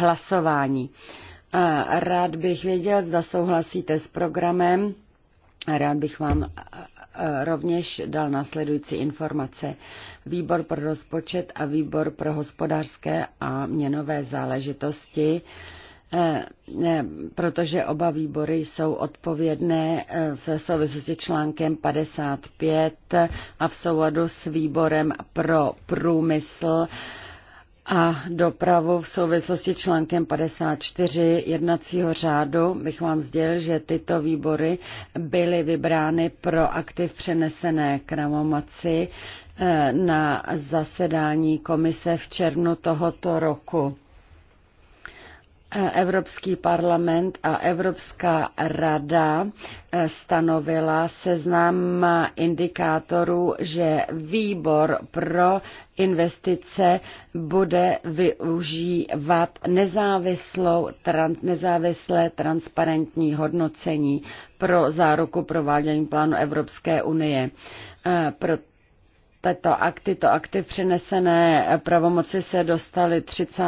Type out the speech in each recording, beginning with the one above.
hlasování. Rád bych věděl, zda souhlasíte s programem. Rád bych vám rovněž dal následující informace. Výbor pro rozpočet a výbor pro hospodářské a měnové záležitosti e, e, protože oba výbory jsou odpovědné e, v souvislosti článkem 55 a v souladu s výborem pro průmysl a dopravu v souvislosti článkem 54 jednacího řádu bych vám sdělil, že tyto výbory byly vybrány pro aktiv přenesené kravomaci eh, na zasedání komise v červnu tohoto roku. Evropský parlament a Evropská rada eh, stanovila seznam indikátorů, že výbor pro investice bude využívat nezávislou, tran, nezávislé transparentní hodnocení pro záruku provádění plánu Evropské unie. Eh, proto tato akt, tyto akty přinesené pravomoci se dostaly 30.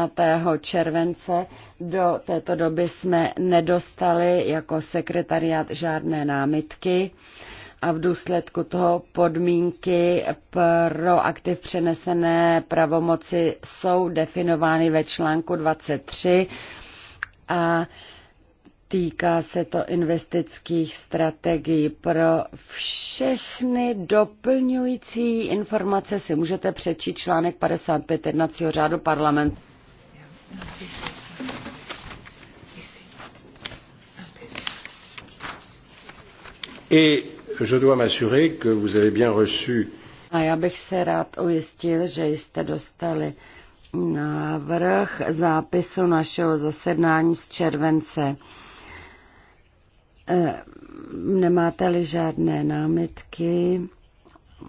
července. Do této doby jsme nedostali jako sekretariát žádné námitky a v důsledku toho podmínky pro aktiv přenesené pravomoci jsou definovány ve článku 23 a Týká se to investických strategií. Pro všechny doplňující informace si můžete přečíst článek 55 jednacího řádu parlamentu. Et je dois m'assurer que vous avez bien reçu. A já bych se rád ujistil, že jste dostali návrh zápisu našeho zasedání z července. Eh, nemáte-li žádné námitky,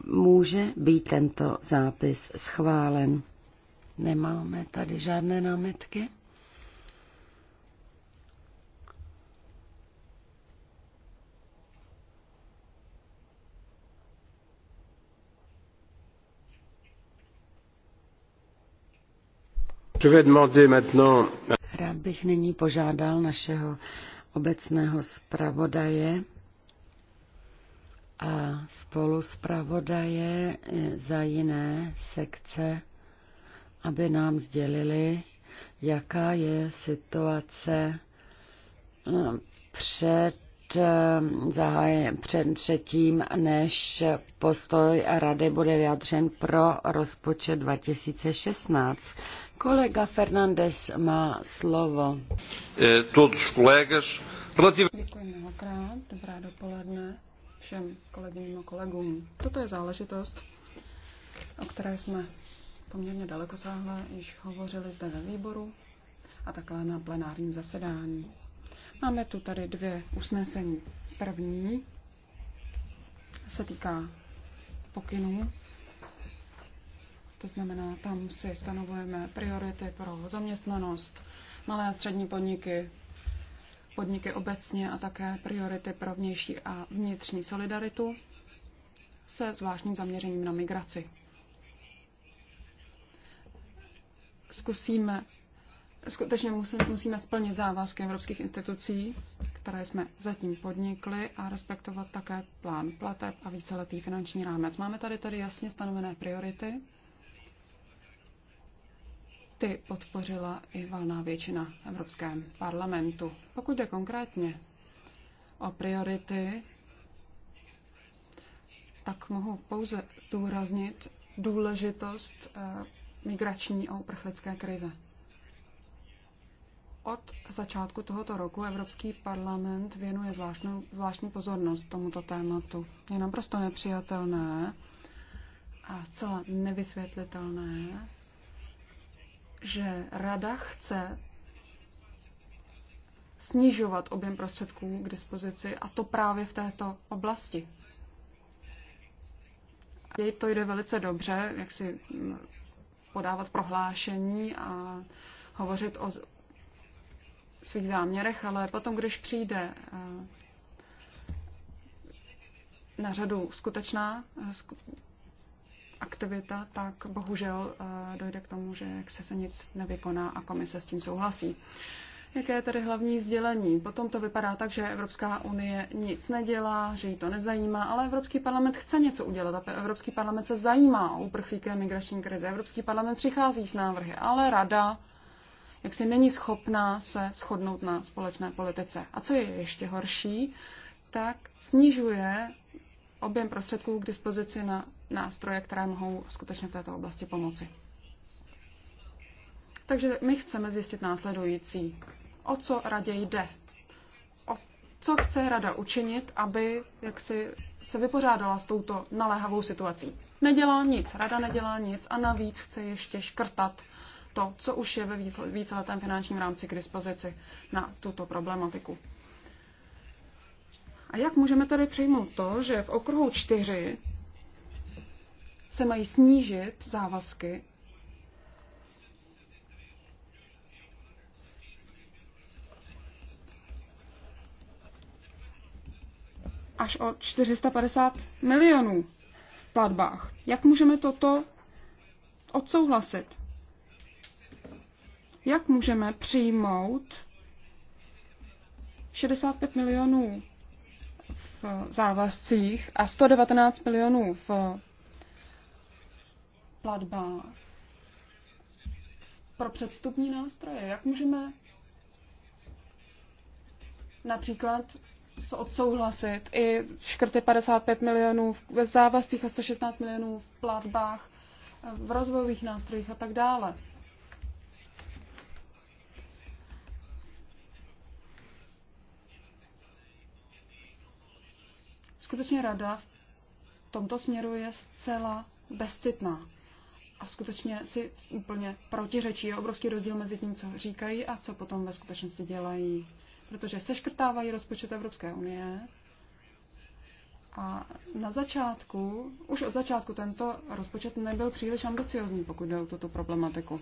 může být tento zápis schválen. Nemáme tady žádné námitky? Rád bych nyní požádal našeho obecného zpravodaje a spolu zpravodaje za jiné sekce, aby nám sdělili, jaká je situace eh, před zahájen před, předtím, než postoj rady bude vyjádřen pro rozpočet 2016. Kolega Fernandez má slovo. Eh, todos kolegas. Relativ... Děkuji mnohokrát. Dobrá dopoledne všem kolegyním a kolegům. Toto je záležitost, o které jsme poměrně daleko sáhle již hovořili zde ve výboru a takhle na plenárním zasedání. Máme tu tady dvě usnesení. První se týká pokynů. To znamená, tam si stanovujeme priority pro zaměstnanost, malé a střední podniky, podniky obecně a také priority pro vnější a vnitřní solidaritu se zvláštním zaměřením na migraci. Zkusíme skutečně musí, musíme splnit závazky evropských institucí, které jsme zatím podnikli a respektovat také plán plateb a víceletý finanční rámec. Máme tady tady jasně stanovené priority. Ty podpořila i valná většina v Evropském parlamentu. Pokud jde konkrétně o priority, tak mohu pouze zdůraznit důležitost eh, migrační a uprchlické krize. Od začátku tohoto roku Evropský parlament věnuje zvláštnou, zvláštní pozornost tomuto tématu. Je naprosto nepřijatelné a zcela nevysvětlitelné, že Rada chce snižovat objem prostředků k dispozici a to právě v této oblasti. Jej to jde velice dobře, jak si podávat prohlášení a hovořit o svých záměrech, ale potom, když přijde eh, na řadu skutečná eh, aktivita, tak bohužel eh, dojde k tomu, že jak se, se nic nevykoná a komise s tím souhlasí. Jaké je tedy hlavní sdělení? Potom to vypadá tak, že Evropská unie nic nedělá, že jí to nezajímá, ale Evropský parlament chce něco udělat. Evropský parlament se zajímá o uprchlíky a migrační krize. Evropský parlament přichází s návrhy, ale rada jak si není schopná se shodnout na společné politice. A co je ještě horší, tak snižuje objem prostředků k dispozici na nástroje, které mohou skutečně v této oblasti pomoci. Takže my chceme zjistit následující. O co radě jde? O co chce rada učinit, aby jaksi se vypořádala s touto naléhavou situací? Nedělá nic, rada nedělá nic a navíc chce ještě škrtat to, co už je ve víceletém finančním rámci k dispozici na tuto problematiku. A jak můžeme tady přijmout to, že v okruhu čtyři se mají snížit závazky až o 450 milionů v platbách. Jak můžeme toto odsouhlasit? Jak můžeme přijmout 65 milionů v závazcích a 119 milionů v platbách pro předstupní nástroje? Jak můžeme například odsouhlasit i škrty 55 milionů v závazcích a 116 milionů v platbách, v rozvojových nástrojích a tak dále? skutečně rada v tomto směru je zcela bezcitná a skutečně si úplně protiřečí. Je obrovský rozdíl mezi tím, co říkají a co potom ve skutečnosti dělají. Protože seškrtávají rozpočet Evropské unie a na začátku, už od začátku tento rozpočet nebyl příliš ambiciozní, pokud jde o tuto problematiku.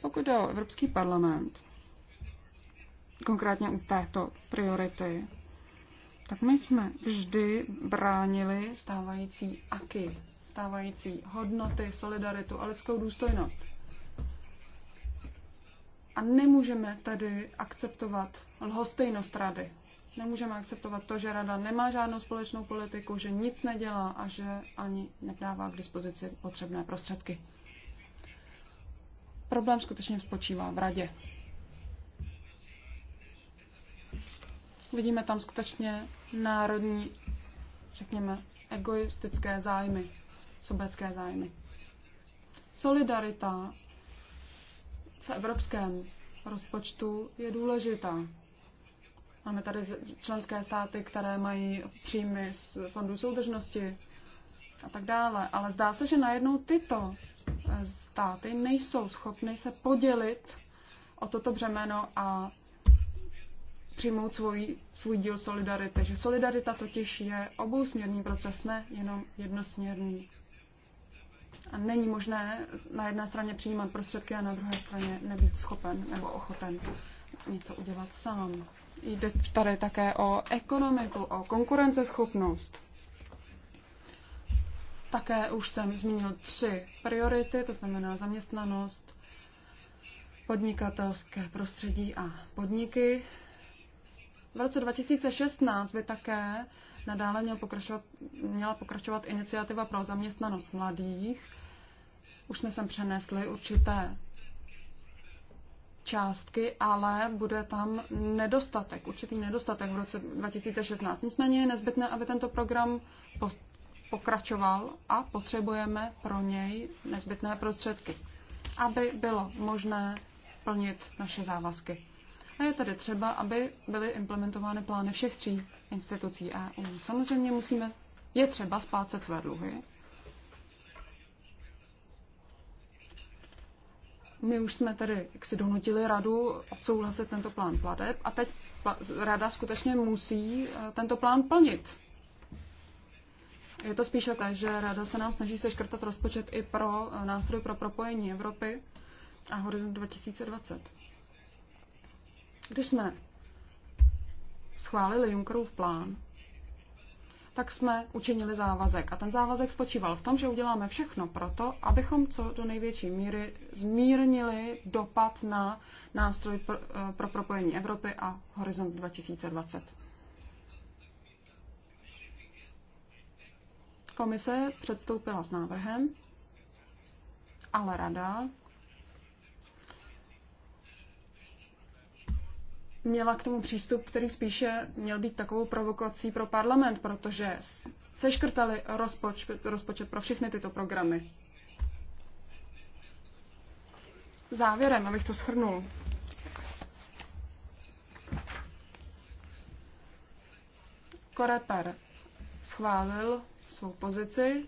Pokud jde o Evropský parlament, konkrétně u této priority, tak my jsme vždy bránili stávající aky, stávající hodnoty, solidaritu a lidskou důstojnost. A nemůžeme tady akceptovat lhostejnost rady. Nemůžeme akceptovat to, že rada nemá žádnou společnou politiku, že nic nedělá a že ani nedává k dispozici potřebné prostředky. Problém skutečně spočívá v radě. Vidíme tam skutečně národní, řekněme, egoistické zájmy, sobecké zájmy. Solidarita v evropském rozpočtu je důležitá. Máme tady členské státy, které mají příjmy z fondů soudržnosti a tak dále. Ale zdá se, že najednou tyto eh, státy nejsou schopny se podělit o toto břemeno a přijmout svůj, svůj díl solidarity. Že solidarita totiž je obousměrný proces, ne jenom jednosměrný. A není možné na jedné straně přijímat prostředky a na druhé straně nebýt schopen nebo ochoten něco udělat sám. Jde tady také o ekonomiku, o konkurenceschopnost. Také už jsem zmínil tři priority, to znamená zaměstnanost, podnikatelské prostředí a podniky. V roce 2016 by také nadále měl pokračovat, měla pokračovat iniciativa pro zaměstnanost mladých. Už jsme sem přenesli určité částky, ale bude tam nedostatek, určitý nedostatek v roce 2016. Nicméně je nezbytné, aby tento program pokračoval a potřebujeme pro něj nezbytné prostředky, aby bylo možné plnit naše závazky. A je tady třeba, aby byly implementovány plány všech tří institucí EU. Samozřejmě musíme, je třeba splácet své dluhy. My už jsme tady jaksi donutili radu odsouhlasit tento plán plateb a teď rada skutečně musí eh, tento plán plnit. Je to spíše tak, že rada se nám snaží seškrtat rozpočet i pro eh, nástroj pro propojení Evropy a Horizont 2020. Když jsme schválili Junckerův plán, tak jsme učinili závazek. A ten závazek spočíval v tom, že uděláme všechno proto, abychom co do největší míry zmírnili dopad na nástroj pro, eh, pro propojení Evropy a Horizont 2020. Komise předstoupila s návrhem, ale rada měla k tomu přístup, který spíše měl být takovou provokací pro parlament, protože seškrtali rozpoč, rozpočet pro všechny tyto programy. Závěrem, abych to shrnul. Koreper schválil svou pozici,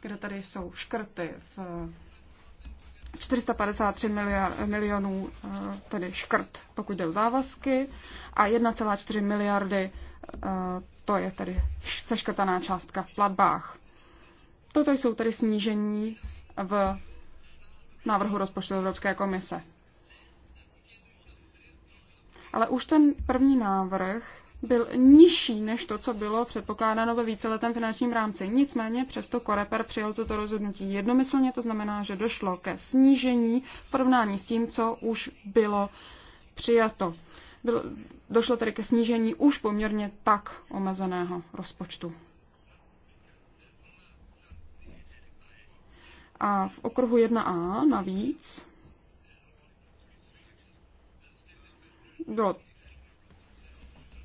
kde tady jsou škrty v 453 miliard, milionů eh, tedy škrt, pokud jde o závazky, a 1,4 miliardy eh, to je tedy seškrtaná částka v platbách. Toto jsou tedy snížení v návrhu rozpočtu Evropské komise. Ale už ten první návrh byl nižší než to, co bylo předpokládáno ve víceletém finančním rámci. Nicméně přesto Koreper přijal toto rozhodnutí jednomyslně, to znamená, že došlo ke snížení v porovnání s tím, co už bylo přijato. Bylo, došlo tedy ke snížení už poměrně tak omezeného rozpočtu. A v okruhu 1a navíc bylo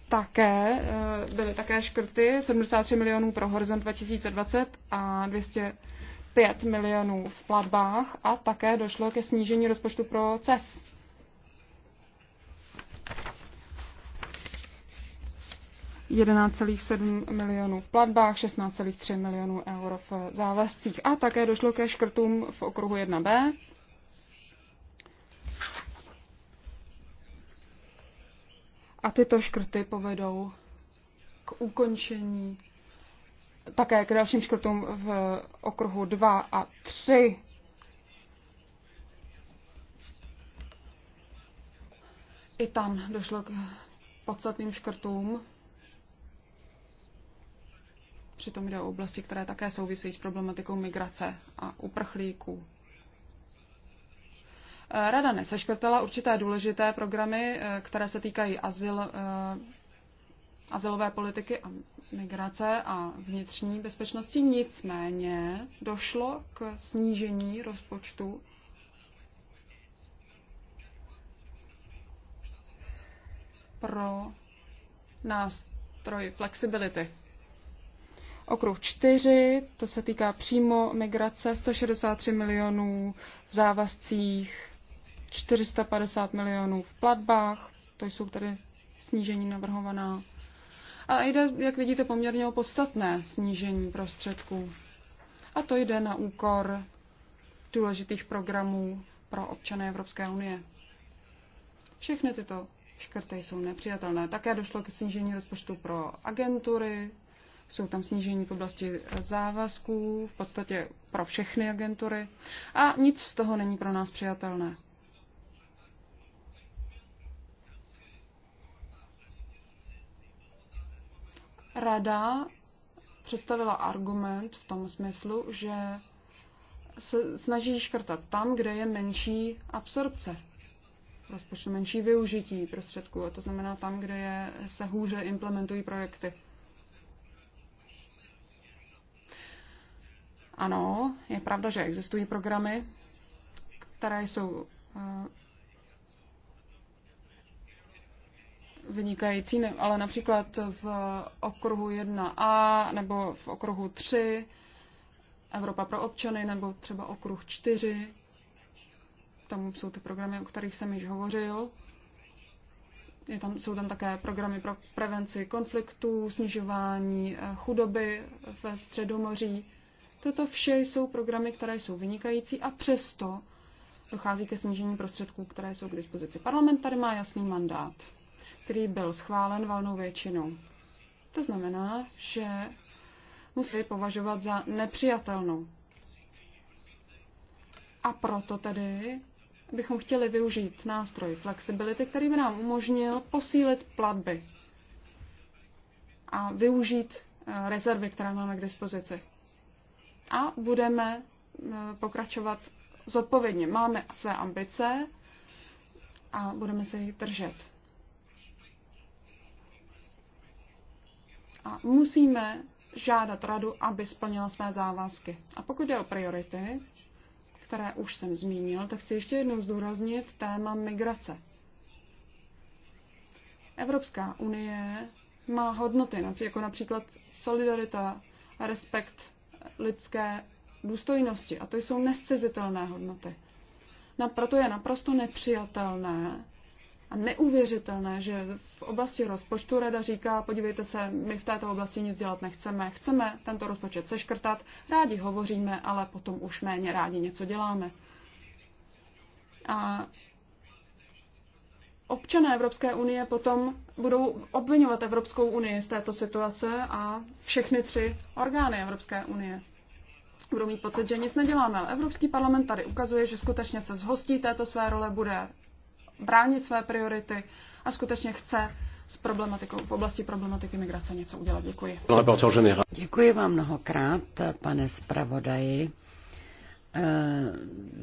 také, eh, byly také škrty, 73 milionů pro Horizont 2020 a 205 milionů v platbách a také došlo ke snížení rozpočtu pro e CEF. milionů v platbách, 16,3 milionů euro v závazcích. A také došlo ke škrtům v okruhu 1b, A tyto škrty povedou k ukončení také k dalším škrtům v okruhu 2 a 3. I tam došlo k podstatným škrtům. Přitom jde o oblasti, které také souvisejí s problematikou migrace a uprchlíků. Eh, Rada neseškrtala určité důležité programy, eh, které se týkají azyl, eh, azylové politiky a migrace a vnitřní bezpečnosti. Nicméně došlo k snížení rozpočtu pro nástroj flexibility. Okruh 4, to se týká přímo migrace, 163 milionů v závazcích 450 milionů v platbách, to jsou tedy snížení navrhovaná. A jde, jak vidíte, poměrně o podstatné snížení prostředků. A to jde na úkor důležitých programů pro občany Evropské unie. Všechny tyto škrty jsou nepřijatelné. Také došlo k snížení rozpočtu pro agentury, jsou tam snížení v oblasti závazků, v podstatě pro všechny agentury a nic z toho není pro nás přijatelné. Rada představila argument v tom smyslu, že se snaží škrtat tam, kde je menší absorpce rozpočtu, menší využití prostředků, a to znamená tam, kde je, se hůře implementují projekty. Ano, je pravda, že existují programy, které jsou eh, vynikající, ale například v okruhu 1a nebo v okruhu 3 Evropa pro občany nebo třeba okruh 4. Tam jsou ty programy, o kterých jsem již hovořil. Je tam, jsou tam také programy pro prevenci konfliktů, snižování eh, chudoby ve Středomoří. Toto vše jsou programy, které jsou vynikající a přesto dochází ke snížení prostředků, které jsou k dispozici. Parlament tady má jasný mandát který byl schválen valnou většinou. To znamená, že musí považovat za nepřijatelnou. A proto tedy bychom chtěli využít nástroj flexibility, který by nám umožnil posílit platby a využít eh, rezervy, které máme k dispozici. A budeme eh, pokračovat zodpovědně. Máme své ambice a budeme se jich držet. a musíme žádat radu, aby splnila své závazky. A pokud jde o priority, které už jsem zmínil, tak chci ještě jednou zdůraznit téma migrace. Evropská unie má hodnoty, jako například solidarita, respekt lidské důstojnosti. A to jsou nescizitelné hodnoty. No, proto je naprosto nepřijatelné, a neuvěřitelné, že v oblasti rozpočtu rada říká, podívejte se, my v této oblasti nic dělat nechceme, chceme tento rozpočet seškrtat, rádi hovoříme, ale potom už méně rádi něco děláme. A občané Evropské unie potom budou obvinovat Evropskou unii z této situace a všechny tři orgány Evropské unie budou mít pocit, že nic neděláme. Ale Evropský parlament tady ukazuje, že skutečně se zhostí této své role, bude bránit své priority a skutečně chce s problematikou, v oblasti problematiky migrace něco udělat. Děkuji. Děkuji vám mnohokrát, pane zpravodaji. Eh,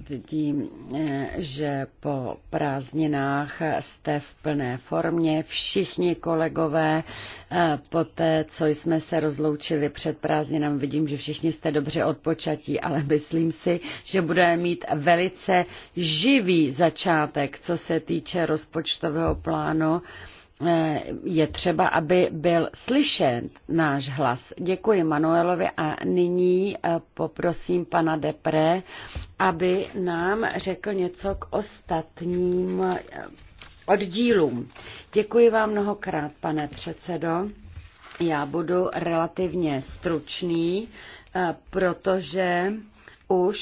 vidím, eh, že po prázdninách jste v plné formě. Všichni kolegové, eh, po té, co jsme se rozloučili před prázdninami, vidím, že všichni jste dobře odpočatí, ale myslím si, že budeme mít velice živý začátek, co se týče rozpočtového plánu. Eh, je třeba, aby byl slyšen náš hlas. Děkuji Manuelovi a nyní eh, poprosím pana Depre, aby nám řekl něco k ostatním eh, oddílům. Děkuji vám mnohokrát, pane předsedo. Já budu relativně stručný, protože už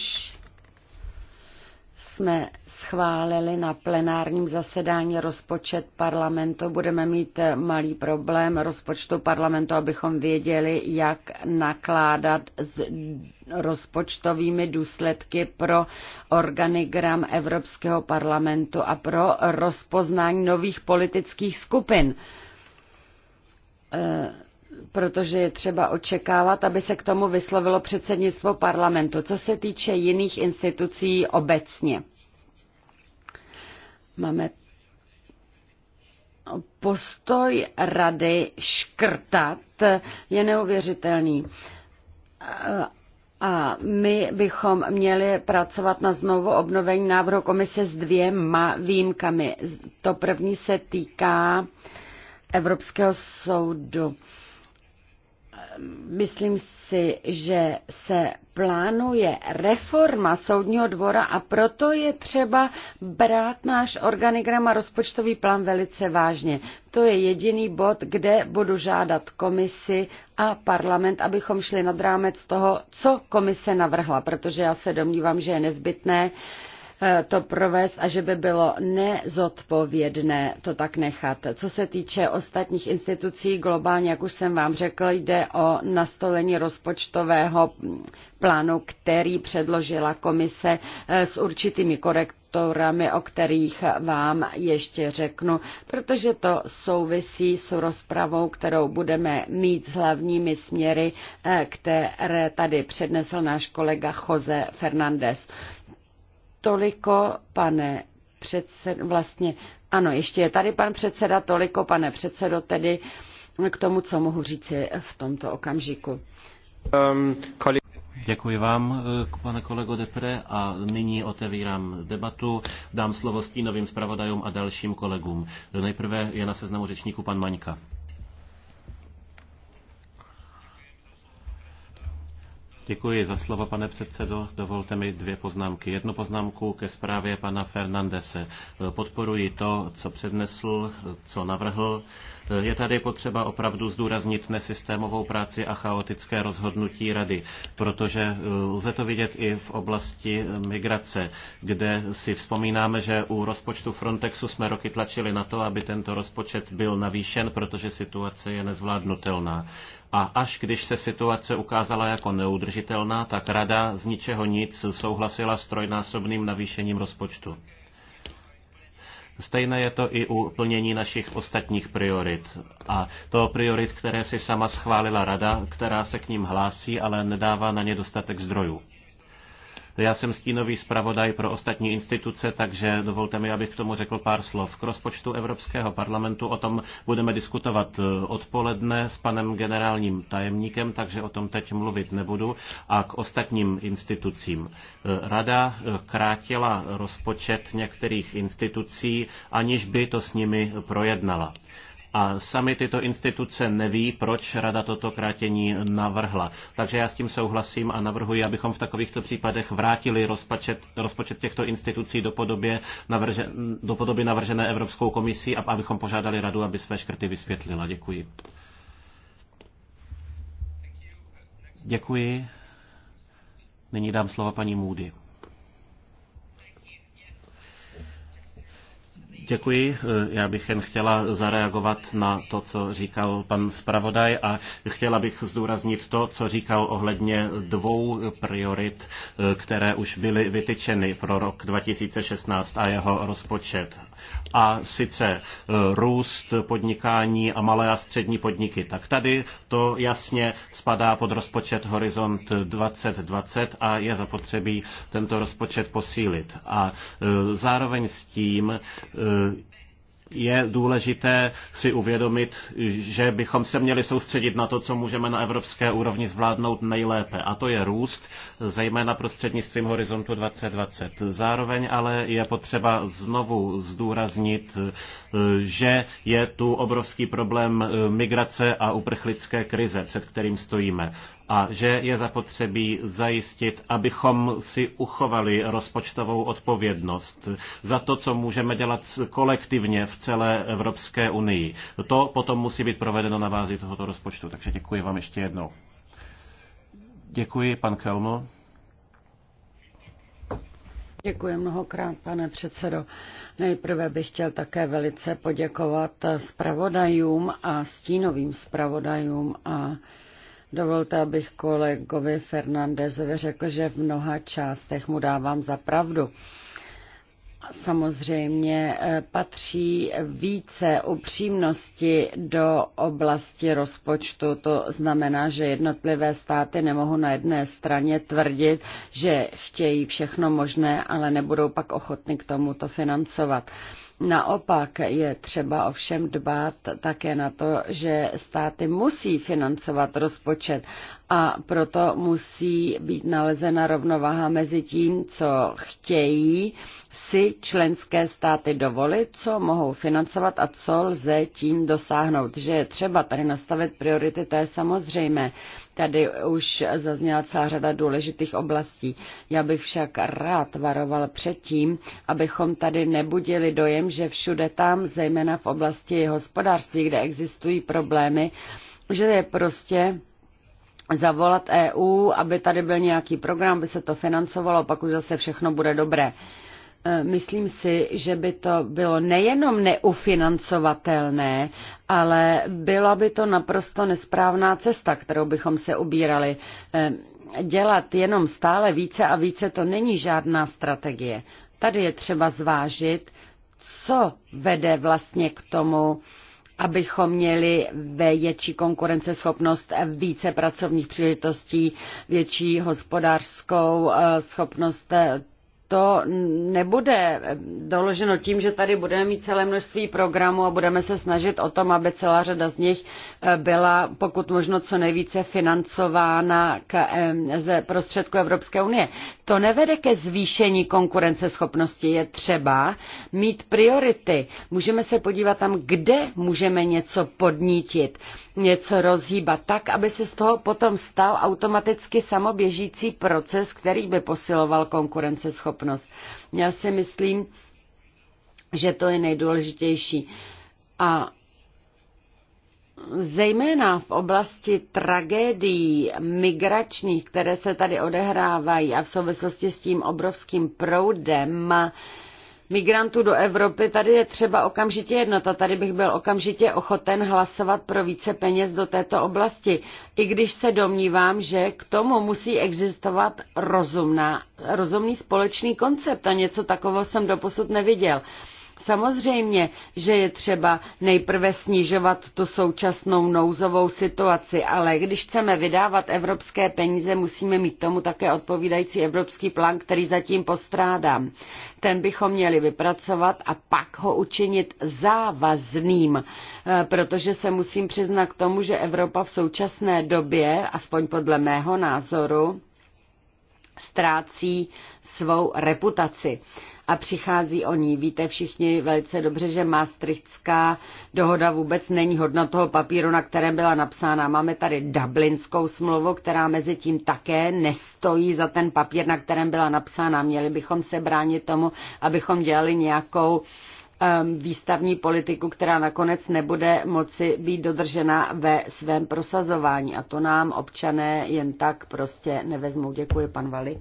jsme schválili na plenárním zasedání rozpočet parlamentu, budeme mít eh, malý problém rozpočtu parlamentu, abychom věděli, jak nakládat s rozpočtovými důsledky pro organigram Evropského parlamentu a pro rozpoznání nových politických skupin eh, protože je třeba očekávat, aby se k tomu vyslovilo předsednictvo parlamentu. Co se týče jiných institucí obecně, máme postoj rady škrtat je neuvěřitelný. A my bychom měli pracovat na znovu obnovení návrhu komise s dvěma výjimkami. To první se týká Evropského soudu myslím si, že se plánuje reforma soudního dvora a proto je třeba brát náš organigram a rozpočtový plán velice vážně. To je jediný bod, kde budu žádat komisi a parlament, abychom šli nad rámec toho, co komise navrhla, protože já se domnívám, že je nezbytné uh, Eh, to provést a že by bylo nezodpovědné to tak nechat. Co se týče ostatních institucí globálně, jak už jsem vám řekl, jde o nastolení rozpočtového plánu, který předložila komise eh, s určitými korekt o kterých vám ještě řeknu, protože to souvisí s rozpravou, kterou budeme mít s hlavními směry, eh, které tady přednesl náš kolega Jose Fernandez. Toliko, pane předsed, vlastně, ano, ještě je tady pan předseda, toliko, pane předsedo, tedy k tomu, co mohu říci v tomto okamžiku. Um, kolik... Děkuji vám, eh, pane kolego Depre, a nyní otevírám debatu. Dám slovo stínovým zpravodajům a dalším kolegům. Nejprve je na seznamu řečníku pan Maňka. Děkuji za slovo, pane předsedo. Dovolte mi dvě poznámky. Jednu poznámku ke zprávě pana Fernandese. Podporuji to, co přednesl, co navrhl. Je tady potřeba opravdu zdůraznit nesystémovou práci a chaotické rozhodnutí rady, protože eh, lze to vidět i v oblasti migrace, kde si vzpomínáme, že u rozpočtu Frontexu jsme roky tlačili na to, aby tento rozpočet byl navýšen, protože situace je nezvládnutelná a až když se situace ukázala jako neudržitelná, tak rada z ničeho nic souhlasila s trojnásobným navýšením rozpočtu. Stejné je to i u plnění našich ostatních priorit. A to priorit, které si sama schválila rada, která se k ním hlásí, ale nedává na ně dostatek zdrojů. Já jsem stínový zpravodaj pro ostatní instituce, takže dovolte mi, abych k tomu řekl pár slov. K rozpočtu Evropského parlamentu o tom budeme diskutovat eh, odpoledne s panem generálním tajemníkem, takže o tom teď mluvit nebudu. A k ostatním institucím. Eh, Rada eh, krátila rozpočet některých institucí, aniž by to s nimi projednala a sami tyto instituce neví, proč rada toto krátění navrhla. Takže já s tím souhlasím a navrhuji, abychom v takovýchto případech vrátili rozpočet, rozpočet těchto institucí do, podobě navrže, do podoby navržené Evropskou komisí a abychom požádali radu, aby své škrty vysvětlila. Děkuji. Děkuji. Nyní dám slovo paní Moody. Děkuji. Já bych jen chtěla zareagovat na to, co říkal pan zpravodaj a chtěla bych zdůraznit to, co říkal ohledně dvou priorit, které už byly vytyčeny pro rok 2016 a jeho rozpočet. A sice eh, růst podnikání a malé a střední podniky. Tak tady to jasně spadá pod rozpočet Horizont 2020 a je zapotřebí tento rozpočet posílit. A eh, zároveň s tím, eh, Eh, je důležité si uvědomit, že bychom se měli soustředit na to, co můžeme na evropské úrovni zvládnout nejlépe. A to je růst, zejména prostřednictvím Horizontu 2020. Zároveň ale je potřeba znovu zdůraznit, eh, že je tu obrovský problém eh, migrace a uprchlické krize, před kterým stojíme a že je zapotřebí zajistit, abychom si uchovali rozpočtovou odpovědnost za to, co můžeme dělat kolektivně v celé Evropské unii. To potom musí být provedeno na bázi tohoto rozpočtu. Takže děkuji vám ještě jednou. Děkuji, pan Kelmo. Děkuji mnohokrát, pane předsedo. Nejprve bych chtěl také velice poděkovat zpravodajům a stínovým zpravodajům a Dovolte, abych kolegovi Fernandezovi řekl, že v mnoha částech mu dávám za pravdu samozřejmě eh, patří více upřímnosti do oblasti rozpočtu. To znamená, že jednotlivé státy nemohou na jedné straně tvrdit, že chtějí všechno možné, ale nebudou pak ochotny k tomu to financovat. Naopak je třeba ovšem dbát také na to, že státy musí financovat rozpočet a proto musí být nalezena rovnováha mezi tím, co chtějí si členské státy dovolit, co mohou financovat a co lze tím dosáhnout. Že je třeba tady nastavit priority, to je samozřejmé. Tady už zazněla celá řada důležitých oblastí. Já bych však rád varoval před tím, abychom tady nebudili dojem, že všude tam, zejména v oblasti hospodářství, kde existují problémy, že je prostě zavolat EU, aby tady byl nějaký program, aby se to financovalo, pak už zase všechno bude dobré. Eh, myslím si, že by to bylo nejenom neufinancovatelné, ale byla by to naprosto nesprávná cesta, kterou bychom se ubírali. Eh, dělat jenom stále více a více to není žádná strategie. Tady je třeba zvážit, co vede vlastně k tomu, abychom měli větší konkurenceschopnost, více pracovních příležitostí, větší hospodářskou eh, schopnost to nebude doloženo tím, že tady budeme mít celé množství programů a budeme se snažit o tom, aby celá řada z nich eh, byla pokud možno co nejvíce financována k, ze prostředku Evropské unie. To nevede ke zvýšení konkurenceschopnosti. Je třeba mít priority. Můžeme se podívat tam, kde můžeme něco podnítit, něco rozhýbat tak, aby se z toho potom stal automaticky samoběžící proces, který by posiloval konkurenceschopnost schopnost. Já si myslím, že to je nejdůležitější. A zejména v oblasti tragédií migračních, které se tady odehrávají a v souvislosti s tím obrovským proudem, migrantů do Evropy, tady je třeba okamžitě jednat a tady bych byl okamžitě ochoten hlasovat pro více peněz do této oblasti, i když se domnívám, že k tomu musí existovat rozumná, rozumný společný koncept a něco takového jsem doposud neviděl. Samozřejmě, že je třeba nejprve snižovat tu současnou nouzovou situaci, ale když chceme vydávat evropské peníze, musíme mít tomu také odpovídající evropský plán, který zatím postrádám. Ten bychom měli vypracovat a pak ho učinit závazným, eh, protože se musím přiznat k tomu, že Evropa v současné době, aspoň podle mého názoru, ztrácí svou reputaci a přichází o ní. Víte všichni velice dobře, že Maastrichtská dohoda vůbec není hodna toho papíru, na kterém byla napsána. Máme tady Dublinskou smlouvu, která mezi tím také nestojí za ten papír, na kterém byla napsána. Měli bychom se bránit tomu, abychom dělali nějakou ehm, výstavní politiku, která nakonec nebude moci být dodržena ve svém prosazování. A to nám občané jen tak prostě nevezmou. Děkuji, pan Vali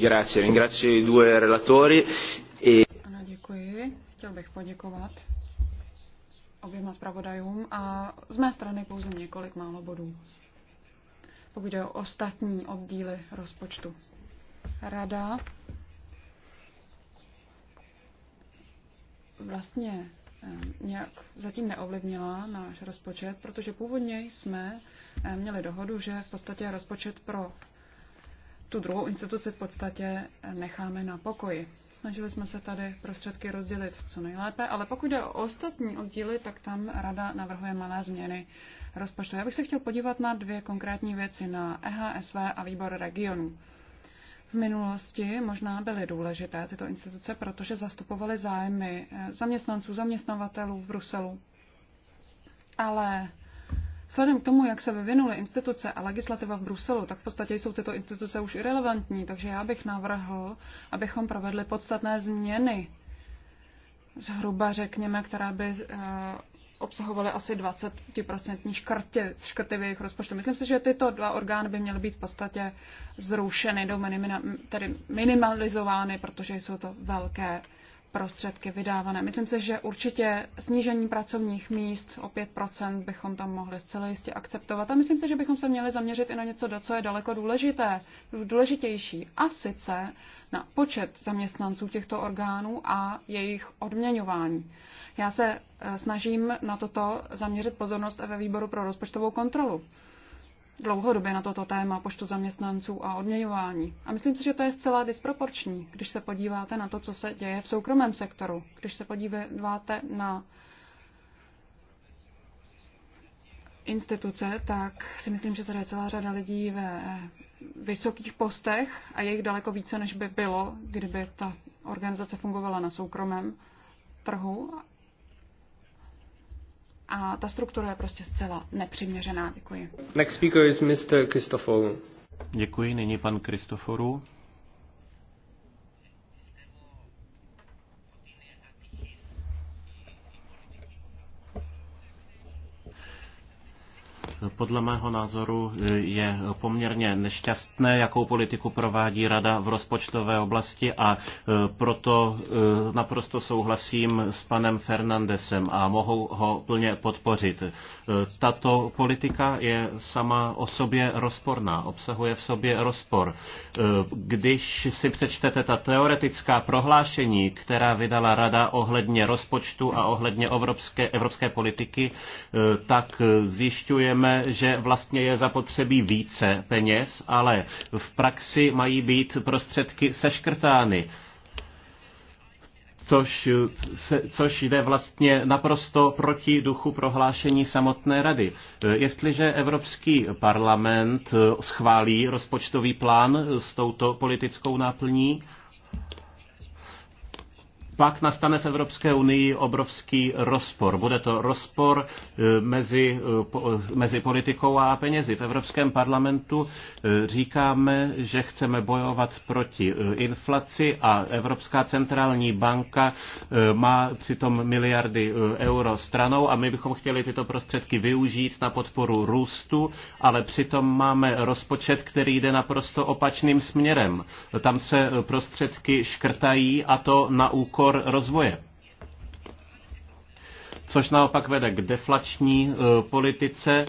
grazie. Ringrazio i due relatori. E... Ano, děkuji. Chtěl bych poděkovat oběma zpravodajům a z mé strany pouze několik málo bodů. Pokud jde o ostatní oddíly rozpočtu. Rada vlastně eh, nějak zatím neovlivnila náš rozpočet, protože původně jsme eh, měli dohodu, že v podstatě rozpočet pro tu druhou instituci v podstatě necháme na pokoji. Snažili jsme se tady prostředky rozdělit co nejlépe, ale pokud jde o ostatní oddíly, tak tam rada navrhuje malé změny rozpočtu. Já bych se chtěl podívat na dvě konkrétní věci, na EHSV a výbor regionů. V minulosti možná byly důležité tyto instituce, protože zastupovaly zájmy zaměstnanců, zaměstnavatelů v Bruselu. Ale Vzhledem k tomu, jak se vyvinuly instituce a legislativa v Bruselu, tak v podstatě jsou tyto instituce už irrelevantní, takže já bych navrhl, abychom provedli podstatné změny, zhruba řekněme, které by eh, obsahovaly asi 20% škrty, škrty v jejich rozpočtu. Myslím si, že tyto dva orgány by měly být v podstatě zrušeny, do minima, tedy minimalizovány, protože jsou to velké prostředky vydávané. Myslím si, že určitě snížení pracovních míst o 5% bychom tam mohli zcela jistě akceptovat. A myslím si, že bychom se měli zaměřit i na něco, do co je daleko důležité, důležitější. A sice na počet zaměstnanců těchto orgánů a jejich odměňování. Já se eh, snažím na toto zaměřit pozornost ve výboru pro rozpočtovou kontrolu dlouhodobě na toto téma poštu zaměstnanců a odměňování. A myslím si, že to je zcela disproporční, když se podíváte na to, co se děje v soukromém sektoru, když se podíváte na instituce, tak si myslím, že tady je celá řada lidí ve vysokých postech a je jich daleko více, než by bylo, kdyby ta organizace fungovala na soukromém trhu a ta struktura je prostě zcela nepřiměřená. Děkuji. Next speaker is Mr. Christoforu. Děkuji, nyní pan Kristoforu. Podle mého názoru e, je poměrně nešťastné, jakou politiku provádí Rada v rozpočtové oblasti a e, proto e, naprosto souhlasím s panem Fernandesem a mohu ho plně podpořit. Tato politika je sama o sobě rozporná, obsahuje v sobě rozpor. Když si přečtete ta teoretická prohlášení, která vydala Rada ohledně rozpočtu a ohledně evropské, evropské politiky, tak zjišťujeme, že vlastně je zapotřebí více peněz, ale v praxi mají být prostředky seškrtány což, se, což jde vlastně naprosto proti duchu prohlášení samotné rady. Jestliže Evropský parlament schválí rozpočtový plán s touto politickou náplní, pak nastane v Evropské unii obrovský rozpor. Bude to rozpor e, mezi, e, e, mezi politikou a penězi. V Evropském parlamentu říkáme, že chceme bojovat proti inflaci a Evropská centrální banka má přitom miliardy euro stranou a my bychom chtěli tyto prostředky využít na podporu růstu, ale přitom máme rozpočet, který jde naprosto opačným směrem. Tam se prostředky škrtají a to na úkor úkor rozvoje což naopak vede k deflační eh, politice.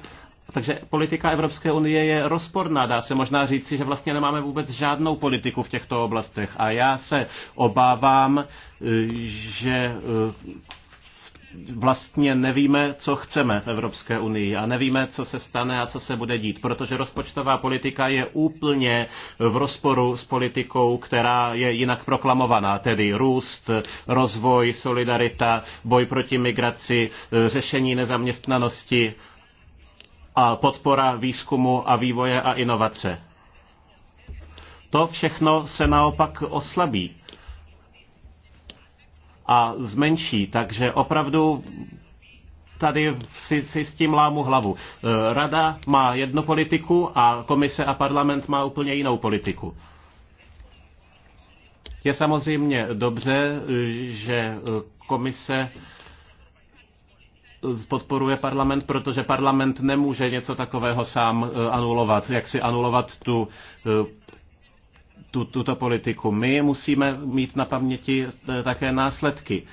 Takže politika Evropské unie je rozporná. Dá se možná říci, že vlastně nemáme vůbec žádnou politiku v těchto oblastech. A já se obávám, eh, že eh, vlastně nevíme, co chceme v Evropské unii a nevíme, co se stane a co se bude dít, protože rozpočtová politika je úplně v rozporu s politikou, která je jinak proklamovaná, tedy růst, rozvoj, solidarita, boj proti migraci, eh, řešení nezaměstnanosti a podpora výzkumu a vývoje a inovace. To všechno se naopak oslabí a zmenší. Takže opravdu tady si, si s tím lámu hlavu. E, Rada má jednu politiku a komise a parlament má úplně jinou politiku. Je samozřejmě dobře, že komise podporuje parlament, protože parlament nemůže něco takového sám e, anulovat, jak si anulovat tu e, tu, tuto politiku. My musíme mít na paměti eh, také následky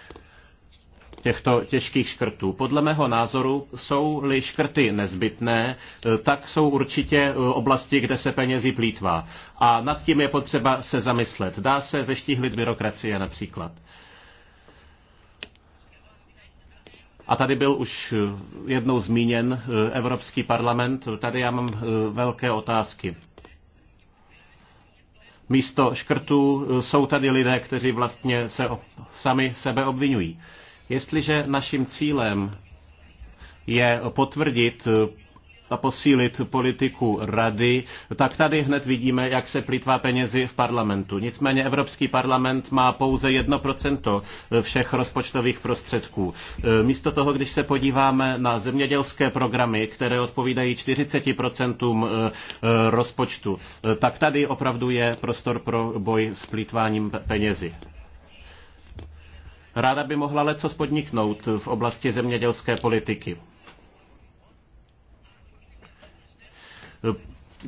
těchto těžkých škrtů. Podle mého názoru jsou-li škrty nezbytné, eh, tak jsou určitě eh, oblasti, kde se penězi plítvá. A nad tím je potřeba se zamyslet. Dá se zeštíhlit byrokracie například. A tady byl už jednou zmíněn Evropský parlament. Tady já mám velké otázky místo škrtů eh, jsou tady lidé, kteří vlastně se sami sebe obvinují. Jestliže naším cílem je potvrdit eh, a posílit politiku rady, tak tady hned vidíme, jak se plýtvá penězi v parlamentu. Nicméně Evropský parlament má pouze 1% všech rozpočtových prostředků. E, místo toho, když se podíváme na zemědělské programy, které odpovídají 40% e, e, rozpočtu, tak tady opravdu je prostor pro boj s plýtváním penězi. Ráda by mohla leco spodniknout v oblasti zemědělské politiky.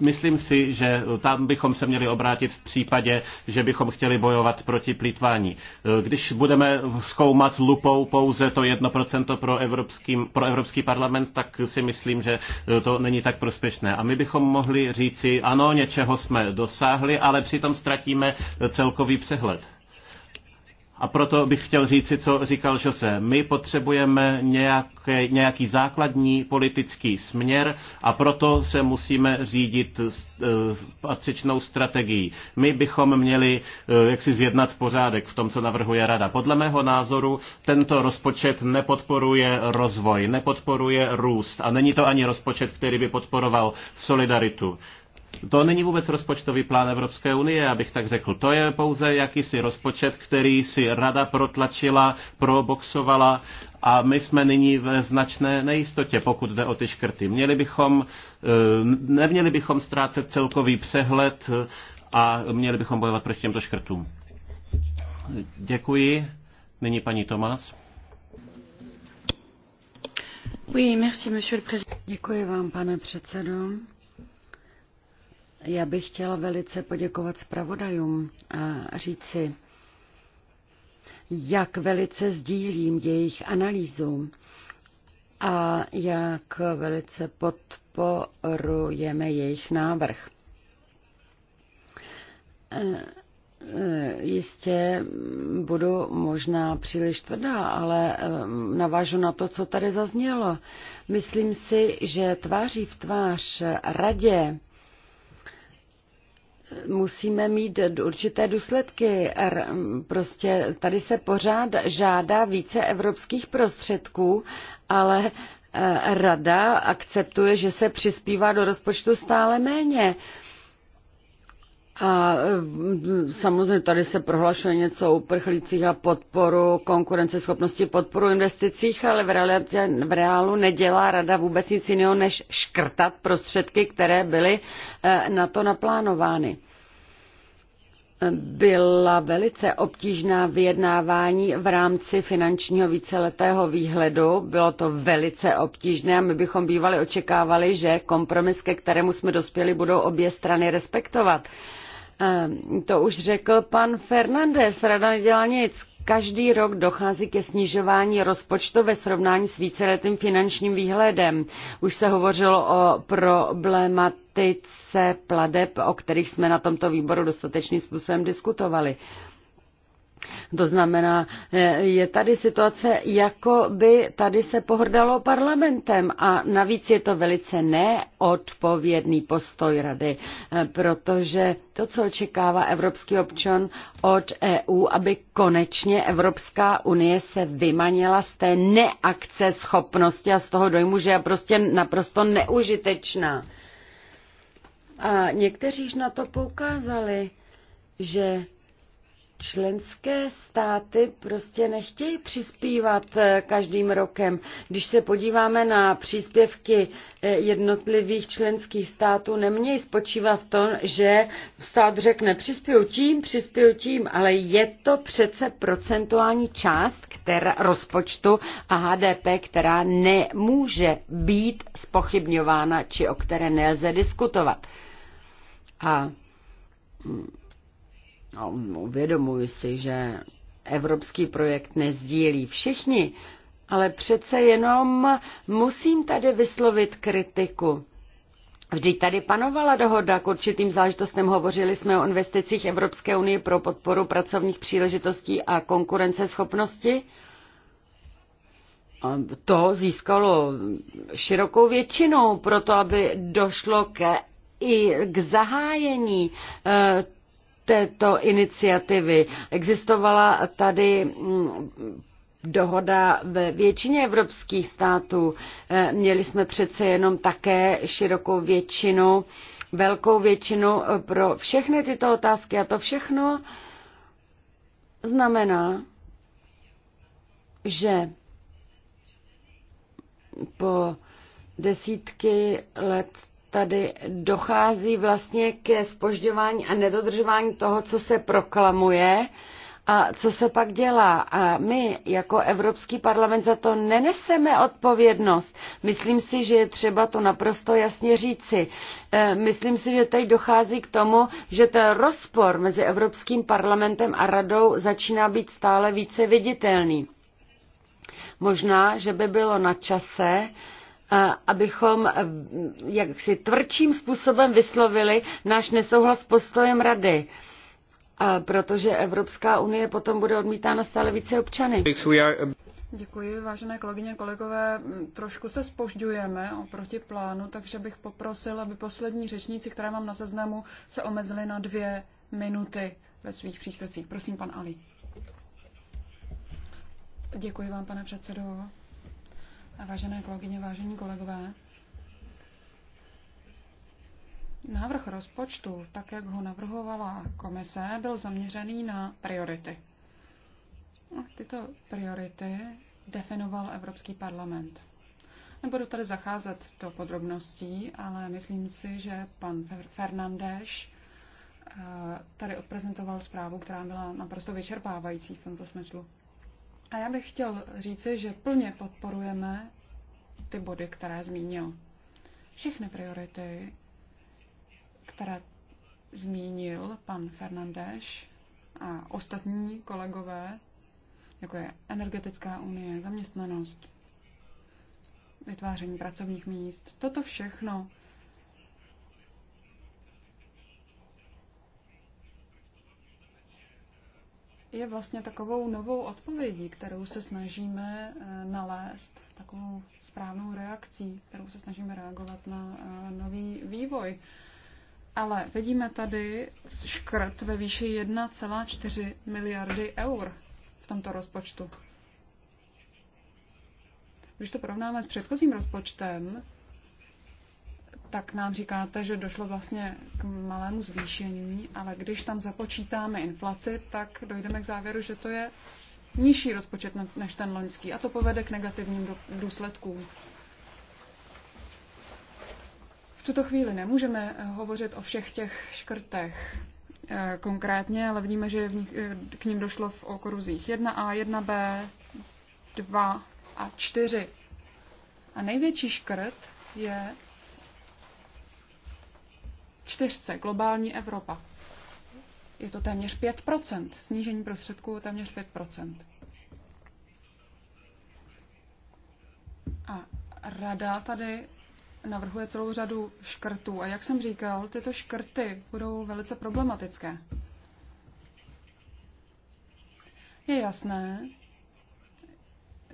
Myslím si, že tam bychom se měli obrátit v případě, že bychom chtěli bojovat proti plítvání. Když budeme zkoumat lupou pouze to 1% pro Evropský, pro Evropský parlament, tak si myslím, že to není tak prospěšné. A my bychom mohli říci, ano, něčeho jsme dosáhli, ale přitom ztratíme celkový přehled. A proto bych chtěl říci, co říkal Jose. My potřebujeme nějaké, nějaký základní politický směr a proto se musíme řídit e, patřičnou strategií. My bychom měli e, jak si zjednat pořádek v tom, co navrhuje Rada. Podle mého názoru tento rozpočet nepodporuje rozvoj, nepodporuje růst a není to ani rozpočet, který by podporoval solidaritu. To není vůbec rozpočtový plán Evropské unie, abych tak řekl. To je pouze jakýsi rozpočet, který si rada protlačila, proboxovala a my jsme nyní ve značné nejistotě, pokud jde o ty škrty. Měli bychom, eh, neměli bychom ztrácet celkový přehled eh, a měli bychom bojovat proti těmto škrtům. Děkuji. Nyní paní Tomás. Oui, merci, Děkuji vám, pane předsedo. Já bych chtěla velice poděkovat zpravodajům a říci, jak velice sdílím jejich analýzu a jak velice podporujeme jejich návrh. E, e, jistě budu možná příliš tvrdá, ale e, navážu na to, co tady zaznělo. Myslím si, že tváří v tvář radě musíme mít určité důsledky. Prostě tady se pořád žádá více evropských prostředků, ale eh, rada akceptuje, že se přispívá do rozpočtu stále méně. A e, samozřejmě tady se prohlašuje něco o uprchlících a podporu konkurenceschopnosti, podporu investicích, ale v, realitě, v reálu nedělá rada vůbec nic jiného, než škrtat prostředky, které byly e, na to naplánovány. Byla velice obtížná vyjednávání v rámci finančního víceletého výhledu. Bylo to velice obtížné a my bychom bývali očekávali, že kompromis, ke kterému jsme dospěli, budou obě strany respektovat Ehm, to už řekl pan Fernandez, rada nedělá nic. Každý rok dochází ke snižování rozpočtu ve srovnání s víceletým finančním výhledem. Už se hovořilo o problematice pladeb, o kterých jsme na tomto výboru dostatečným způsobem diskutovali. To znamená, eh, je tady situace, jako by tady se pohrdalo parlamentem a navíc je to velice neodpovědný postoj rady, eh, protože to, co očekává evropský občan od EU, aby konečně Evropská unie se vymanila z té neakce schopnosti a z toho dojmu, že je prostě naprosto neužitečná. A někteří na to poukázali, že členské státy prostě nechtějí přispívat eh, každým rokem. Když se podíváme na příspěvky eh, jednotlivých členských států, nemějí spočívat v tom, že stát řekne přispěju tím, přispěju tím, ale je to přece procentuální část která, rozpočtu a HDP, která nemůže být spochybňována či o které nelze diskutovat. A mm, a uvědomuji si, že evropský projekt nezdílí všichni, ale přece jenom musím tady vyslovit kritiku. Vždyť tady panovala dohoda k určitým záležitostem. Hovořili jsme o investicích Evropské unie pro podporu pracovních příležitostí a konkurenceschopnosti. To získalo širokou většinu proto, aby došlo ke i k zahájení eh, této iniciativy. Existovala tady mm, dohoda ve většině evropských států. Eh, měli jsme přece jenom také širokou většinu, velkou většinu eh, pro všechny tyto otázky a to všechno znamená, že po desítky let tady dochází vlastně ke spožďování a nedodržování toho, co se proklamuje a co se pak dělá. A my jako Evropský parlament za to neneseme odpovědnost. Myslím si, že je třeba to naprosto jasně říci. E, myslím si, že teď dochází k tomu, že ten rozpor mezi Evropským parlamentem a radou začíná být stále více viditelný. Možná, že by bylo na čase, abychom eh, jaksi tvrdším způsobem vyslovili náš nesouhlas s postojem rady. A protože Evropská unie potom bude odmítána stále více občany. Děkuji, vážené kolegyně, kolegové. Trošku se spožďujeme oproti plánu, takže bych poprosil, aby poslední řečníci, které mám na seznamu, se omezili na dvě minuty ve svých příspěvcích. Prosím, pan Ali. Děkuji vám, pane předsedo. Vážené kolegyně, vážení kolegové, návrh rozpočtu, tak jak ho navrhovala komise, byl zaměřený na priority. Tyto priority definoval Evropský parlament. Nebudu tady zacházet do podrobností, ale myslím si, že pan Fernandeš eh, tady odprezentoval zprávu, která byla naprosto vyčerpávající v tomto smyslu. A já bych chtěl říci, že plně podporujeme ty body, které zmínil. Všechny priority, které zmínil pan Fernandeš a ostatní kolegové, jako je energetická unie, zaměstnanost, vytváření pracovních míst, toto všechno je vlastně takovou novou odpovědí, kterou se snažíme eh, nalézt, takovou správnou reakcí, kterou se snažíme reagovat na eh, nový vývoj. Ale vidíme tady škrt ve výši 1,4 miliardy eur v tomto rozpočtu. Když to porovnáme s předchozím rozpočtem, tak nám říkáte, že došlo vlastně k malému zvýšení, ale když tam započítáme inflaci, tak dojdeme k závěru, že to je nižší rozpočet než ten loňský a to povede k negativním důsledkům. V tuto chvíli nemůžeme eh, hovořit o všech těch škrtech eh, konkrétně, ale vidíme, že v nich, eh, k ním došlo v okruzích 1A, 1B, 2 a 4. A největší škrt je čtyřce globální Evropa. Je to téměř 5%, snížení prostředků téměř 5%. A rada tady navrhuje celou řadu škrtů. A jak jsem říkal, tyto škrty budou velice problematické. Je jasné,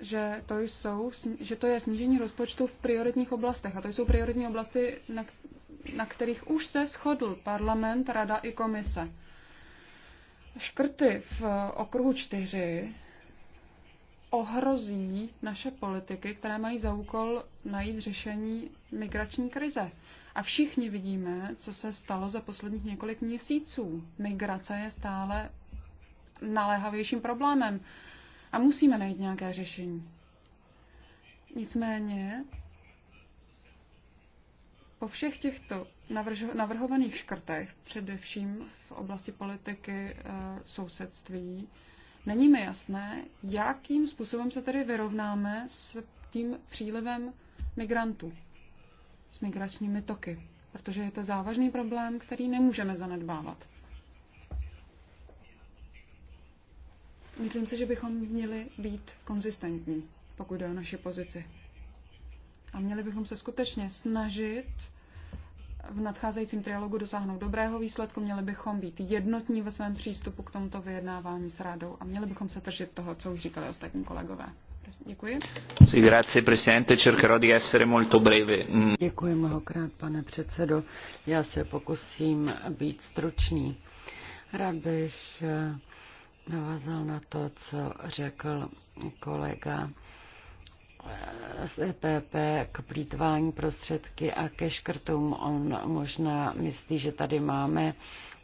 že to, jsou, že to je snížení rozpočtu v prioritních oblastech. A to jsou prioritní oblasti, na kterých už se shodl parlament, rada i komise. Škrty v eh, okruhu čtyři ohrozí naše politiky, které mají za úkol najít řešení migrační krize. A všichni vidíme, co se stalo za posledních několik měsíců. Migrace je stále naléhavějším problémem a musíme najít nějaké řešení. Nicméně po všech těchto navrhovaných škrtech, především v oblasti politiky eh, sousedství, není mi jasné, jakým způsobem se tedy vyrovnáme s tím přílivem migrantů, s migračními toky, protože je to závažný problém, který nemůžeme zanedbávat. Myslím si, že bychom měli být konzistentní, pokud jde o naši pozici. A měli bychom se skutečně snažit v nadcházejícím trialogu dosáhnout dobrého výsledku, měli bychom být jednotní ve svém přístupu k tomuto vyjednávání s radou a měli bychom se držet toho, co už říkali ostatní kolegové. Děkuji. Mm. Děkuji mnohokrát, pane předsedo. Já se pokusím být stručný. Rád bych eh, navázal na to, co řekl kolega z EPP k plítvání prostředky a ke škrtům. On možná myslí, že tady máme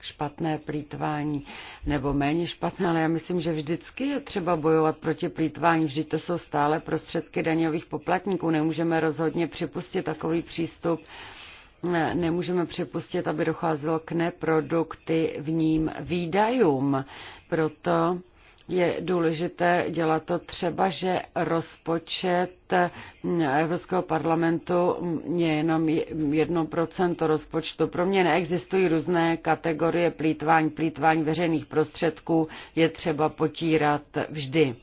špatné plítvání nebo méně špatné, ale já myslím, že vždycky je třeba bojovat proti plítvání. Vždyť to jsou stále prostředky daňových poplatníků. Nemůžeme rozhodně připustit takový přístup. Nemůžeme připustit, aby docházelo k neproduktivním výdajům. Proto je důležité dělat to třeba, že rozpočet Evropského parlamentu je jenom 1% rozpočtu. Pro mě neexistují různé kategorie plítvání. Plítvání veřejných prostředků je třeba potírat vždy.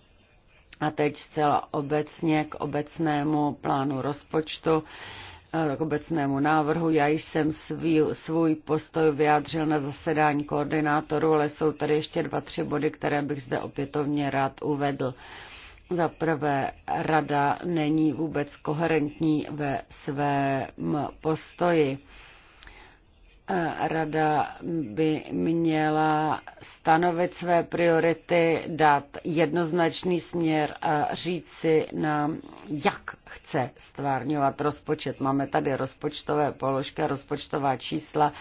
A teď zcela obecně k obecnému plánu rozpočtu k obecnému návrhu. Já již jsem svý, svůj postoj vyjádřil na zasedání koordinátorů, ale jsou tady ještě dva, tři body, které bych zde opětovně rád uvedl. Za prvé, rada není vůbec koherentní ve svém postoji Rada by měla stanovit své priority, dát jednoznačný směr a říct si nám, jak chce stvárňovat rozpočet. Máme tady rozpočtové položky, rozpočtová čísla,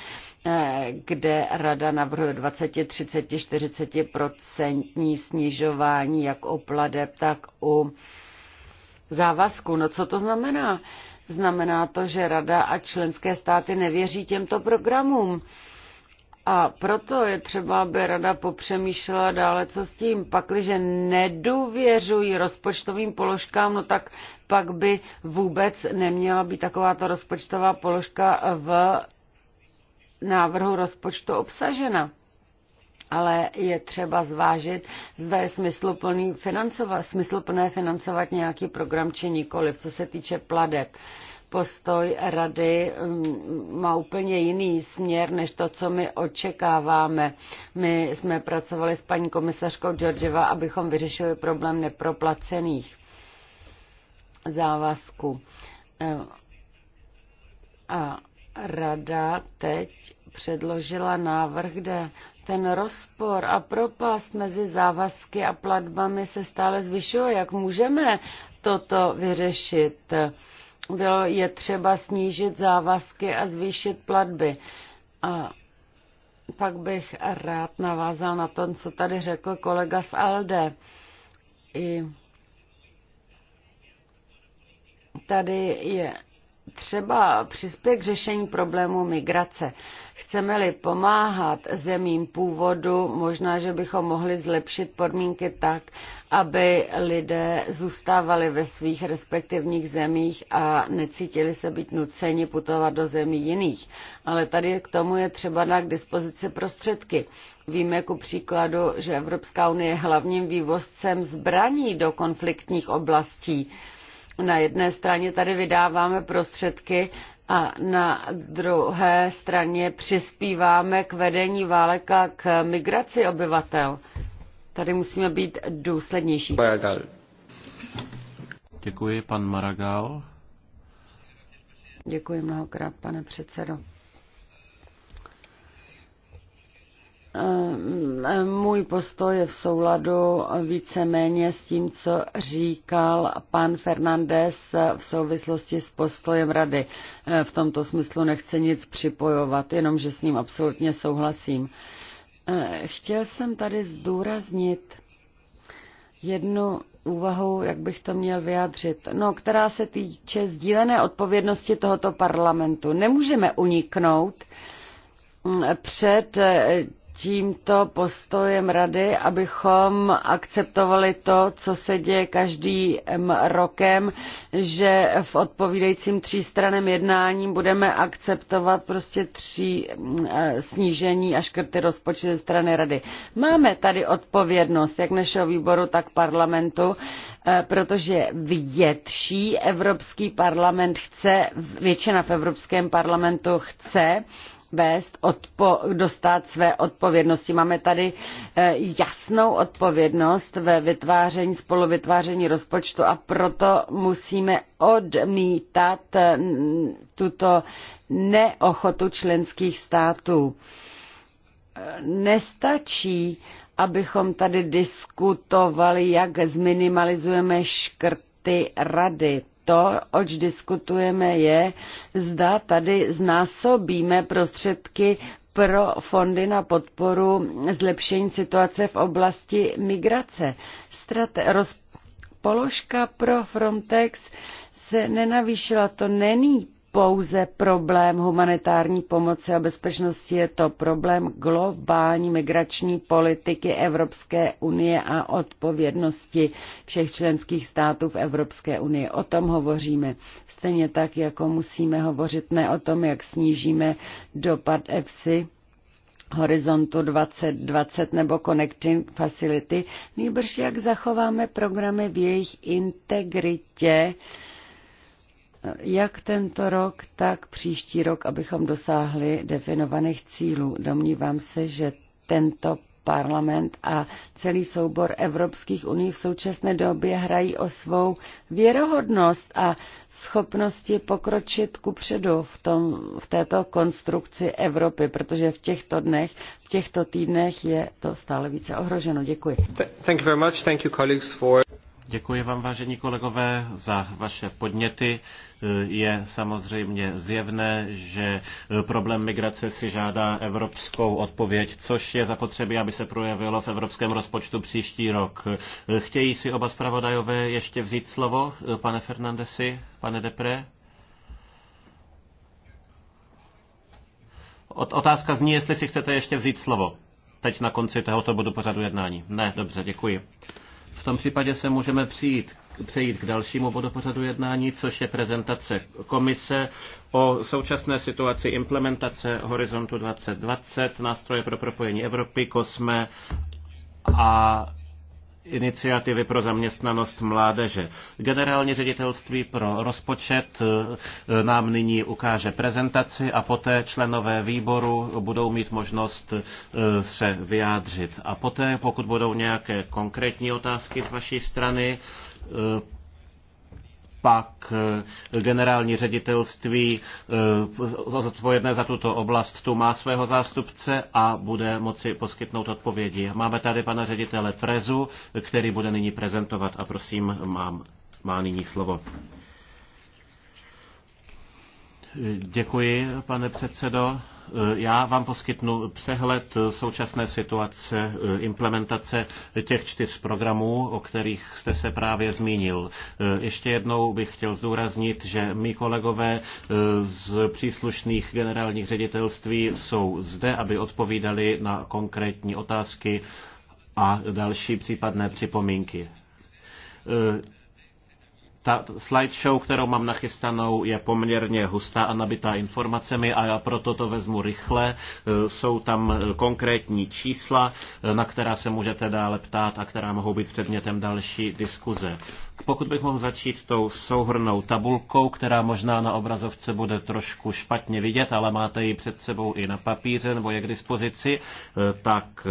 kde rada navrhuje 20, 30, 40% procentní snižování jak u pladeb, tak u závazku. No co to znamená? Znamená to, že Rada a členské státy nevěří těmto programům. A proto je třeba, aby rada popřemýšlela dále, co s tím. Pakliže nedůvěřují rozpočtovým položkám, no tak pak by vůbec neměla být takováto rozpočtová položka v návrhu rozpočtu obsažena ale je třeba zvážit, zda je smysluplný financovat, smysluplné financovat nějaký program či nikoliv, co se týče pladeb postoj rady mm, má úplně jiný směr, než to, co my očekáváme. My jsme pracovali s paní komisařkou Georgieva, abychom vyřešili problém neproplacených závazků. Eh, a rada teď předložila návrh, kde ten rozpor a propast mezi závazky a platbami se stále zvyšuje. Jak můžeme toto vyřešit? Bylo je třeba snížit závazky a zvýšit platby. A pak bych rád navázal na to, co tady řekl kolega z ALDE. I tady je třeba přispět k řešení problému migrace. Chceme-li pomáhat zemím původu, možná, že bychom mohli zlepšit podmínky tak, aby lidé zůstávali ve svých respektivních zemích a necítili se být nuceni putovat do zemí jiných. Ale tady k tomu je třeba na k dispozici prostředky. Víme ku příkladu, že Evropská unie je hlavním vývozcem zbraní do konfliktních oblastí na jedné straně tady vydáváme prostředky a na druhé straně přispíváme k vedení válek a k migraci obyvatel. Tady musíme být důslednější. Děkuji, pan Maragal. Děkuji mnohokrát, pane předsedo. Ehm, můj postoj je v souladu víceméně s tím, co říkal pan Fernandez v souvislosti s postojem rady. Ehm, v tomto smyslu nechci nic připojovat, jenomže s ním absolutně souhlasím. Ehm, chtěl jsem tady zdůraznit jednu úvahu, jak bych to měl vyjádřit, no, která se týče sdílené odpovědnosti tohoto parlamentu. Nemůžeme uniknout před tímto postojem rady, abychom akceptovali to, co se děje každým rokem, že v odpovídajícím třístraném jednáním budeme akceptovat prostě tří eh, snížení a škrty rozpočtu ze strany rady. Máme tady odpovědnost, jak našeho výboru, tak parlamentu, eh, protože větší Evropský parlament chce, většina v Evropském parlamentu chce, vést odpo, dostat své odpovědnosti. Máme tady eh, jasnou odpovědnost ve vytváření, spoluvytváření rozpočtu a proto musíme odmítat eh, tuto neochotu členských států. Nestačí, abychom tady diskutovali, jak zminimalizujeme škrty rady to, oč diskutujeme, je, zda tady znásobíme prostředky pro fondy na podporu zlepšení situace v oblasti migrace. Strate- roz- položka pro Frontex se nenavýšila. To není pouze problém humanitární pomoci a bezpečnosti, je to problém globální migrační politiky Evropské unie a odpovědnosti všech členských států v Evropské unii. O tom hovoříme. Stejně tak, jako musíme hovořit ne o tom, jak snížíme dopad EFSI, Horizontu 2020 nebo Connecting Facility, nejbrž jak zachováme programy v jejich integritě, jak tento rok, tak příští rok, abychom dosáhli definovaných cílů. Domnívám se, že tento parlament a celý soubor Evropských uní v současné době hrají o svou věrohodnost a schopnosti pokročit kupředu v, tom, v této konstrukci Evropy, protože v těchto dnech, v těchto týdnech je to stále více ohroženo. Děkuji. Thank you very much. Thank you colleagues for... Děkuji vám, vážení kolegové, za vaše podněty. Je samozřejmě zjevné, že problém migrace si žádá evropskou odpověď, což je zapotřebí, aby se projevilo v evropském rozpočtu příští rok. Chtějí si oba zpravodajové ještě vzít slovo, pane Fernandesi, pane Depre? Otázka zní, jestli si chcete ještě vzít slovo. Teď na konci tohoto bodu pořadu jednání. Ne, dobře, děkuji tom případě se můžeme přijít, přejít k dalšímu bodu pořadu jednání, což je prezentace komise o současné situaci implementace Horizontu 2020, nástroje pro propojení Evropy, kosme a iniciativy pro zaměstnanost mládeže. Generální ředitelství pro rozpočet eh, nám nyní ukáže prezentaci a poté členové výboru budou mít možnost eh, se vyjádřit. A poté, pokud budou nějaké konkrétní otázky z vaší strany, eh, pak eh, generální ředitelství eh, zodpovědné za tuto oblast tu má svého zástupce a bude moci poskytnout odpovědi. Máme tady pana ředitele Prezu, který bude nyní prezentovat a prosím, mám, má nyní slovo. Děkuji, pane předsedo. Eh, já vám poskytnu přehled současné situace eh, implementace těch čtyř programů, o kterých jste se právě zmínil. Eh, ještě jednou bych chtěl zdůraznit, že mý kolegové z příslušných generálních ředitelství jsou zde, aby odpovídali na konkrétní otázky a další případné připomínky ta slideshow, kterou mám nachystanou, je poměrně hustá a nabitá informacemi a já proto to vezmu rychle. E, jsou tam e, konkrétní čísla, e, na která se můžete dále ptát a která mohou být předmětem další diskuze. Pokud bych mohl začít tou souhrnou tabulkou, která možná na obrazovce bude trošku špatně vidět, ale máte ji před sebou i na papíře nebo je k dispozici, tak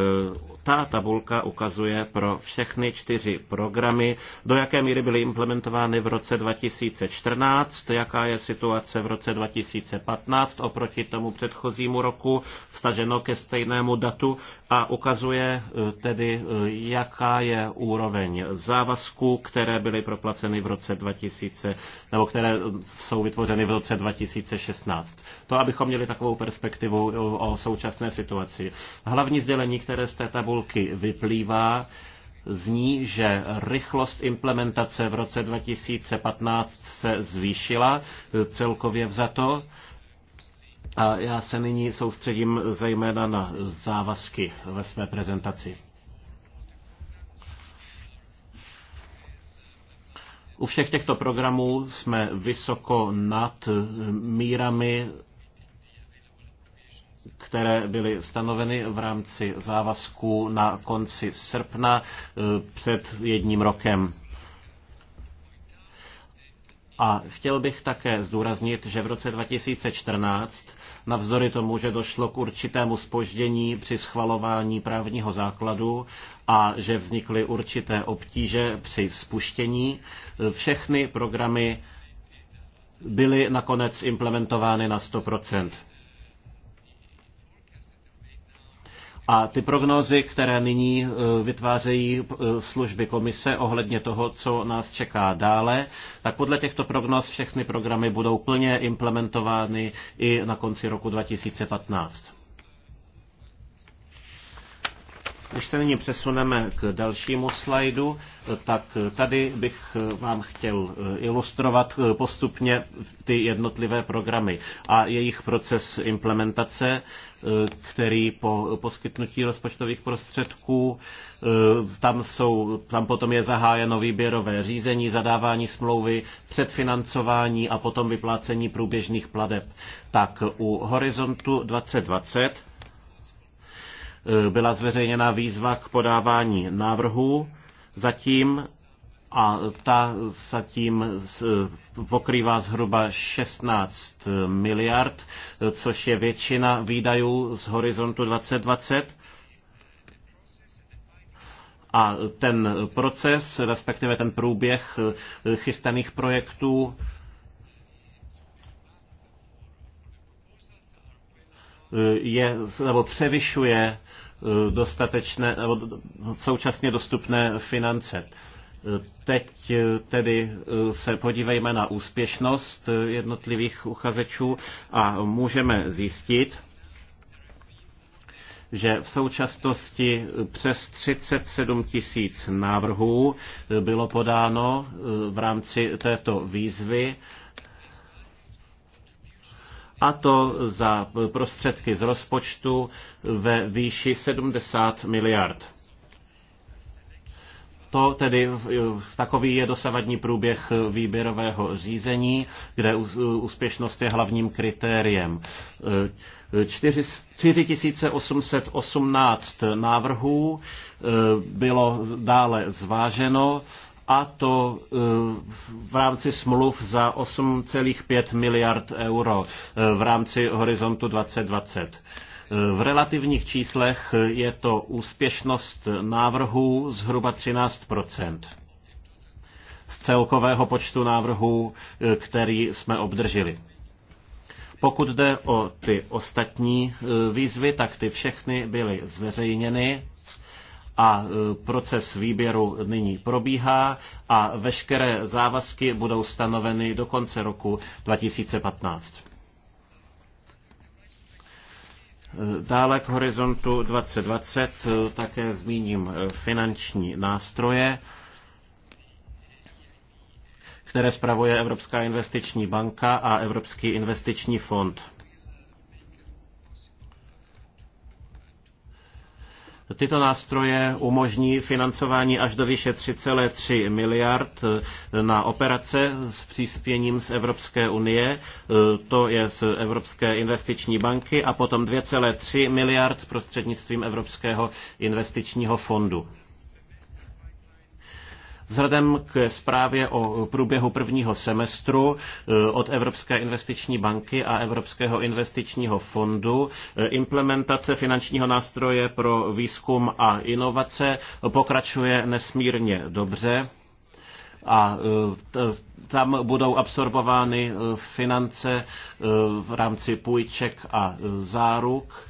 ta tabulka ukazuje pro všechny čtyři programy, do jaké míry byly implementovány v roce 2014, jaká je situace v roce 2015 oproti tomu předchozímu roku, Staženo ke stejnému datu a ukazuje eh, tedy, eh, jaká je úroveň závazků, které byly proplaceny v roce 2000, nebo které eh, jsou vytvořeny v roce 2016. To, abychom měli takovou perspektivu o současné situaci. Hlavní sdělení, které z té tabulky vyplývá, zní, že rychlost implementace v roce 2015 se zvýšila celkově vzato. A já se nyní soustředím zejména na závazky ve své prezentaci. U všech těchto programů jsme vysoko nad mírami které byly stanoveny v rámci závazků na konci srpna e, před jedním rokem. A chtěl bych také zdůraznit, že v roce 2014, navzdory tomu, že došlo k určitému spoždění při schvalování právního základu a že vznikly určité obtíže při spuštění, e, všechny programy byly nakonec implementovány na 100 A ty prognózy, které nyní e, vytvářejí e, služby komise ohledně toho, co nás čeká dále, tak podle těchto prognóz všechny programy budou plně implementovány i na konci roku 2015. Když se nyní přesuneme k dalšímu slajdu, tak tady bych vám chtěl eh, ilustrovat eh, postupně ty jednotlivé programy a jejich proces implementace, eh, který po poskytnutí rozpočtových prostředků, tam, jsou, tam potom je zahájeno výběrové řízení, zadávání smlouvy, předfinancování a potom vyplácení průběžných pladeb. Tak u Horizontu 2020 Eh, byla zveřejněna výzva k podávání návrhů zatím a ta zatím eh, pokrývá zhruba 16 eh, miliard, což je většina výdajů z horizontu 2020. A ten proces, respektive ten průběh chystaných projektů, je, nebo převyšuje Eh, dostatečné, současně dostupné finance. Eh, teď eh, tedy se podívejme na úspěšnost jednotlivých uchazečů a můžeme zjistit, že v současnosti přes 37 tisíc návrhů bylo podáno v rámci této výzvy a to za prostředky z rozpočtu ve výši 70 miliard. To tedy takový je dosavadní průběh výběrového řízení, kde úspěšnost je hlavním kritériem. 4818 návrhů e, bylo dále zváženo a to eh, v rámci smluv za 8,5 miliard euro eh, v rámci horizontu 2020. Eh, v relativních číslech je to úspěšnost návrhů zhruba 13 z celkového počtu návrhů, který jsme obdrželi. Pokud jde o ty ostatní výzvy, tak ty všechny byly zveřejněny a e, proces výběru nyní probíhá a veškeré závazky budou stanoveny do konce roku 2015. Dále k horizontu 2020 e, také zmíním e, finanční nástroje, které spravuje Evropská investiční banka a Evropský investiční fond. Tyto nástroje umožní financování až do výše 3,3 miliard eh, na operace s příspěním z Evropské unie, eh, to je z Evropské investiční banky a potom 2,3 miliard prostřednictvím Evropského investičního fondu. Vzhledem k zprávě o průběhu prvního semestru eh, od Evropské investiční banky a Evropského investičního fondu eh, implementace finančního nástroje pro výzkum a inovace pokračuje nesmírně dobře a eh, tam budou absorbovány finance v rámci půjček a záruk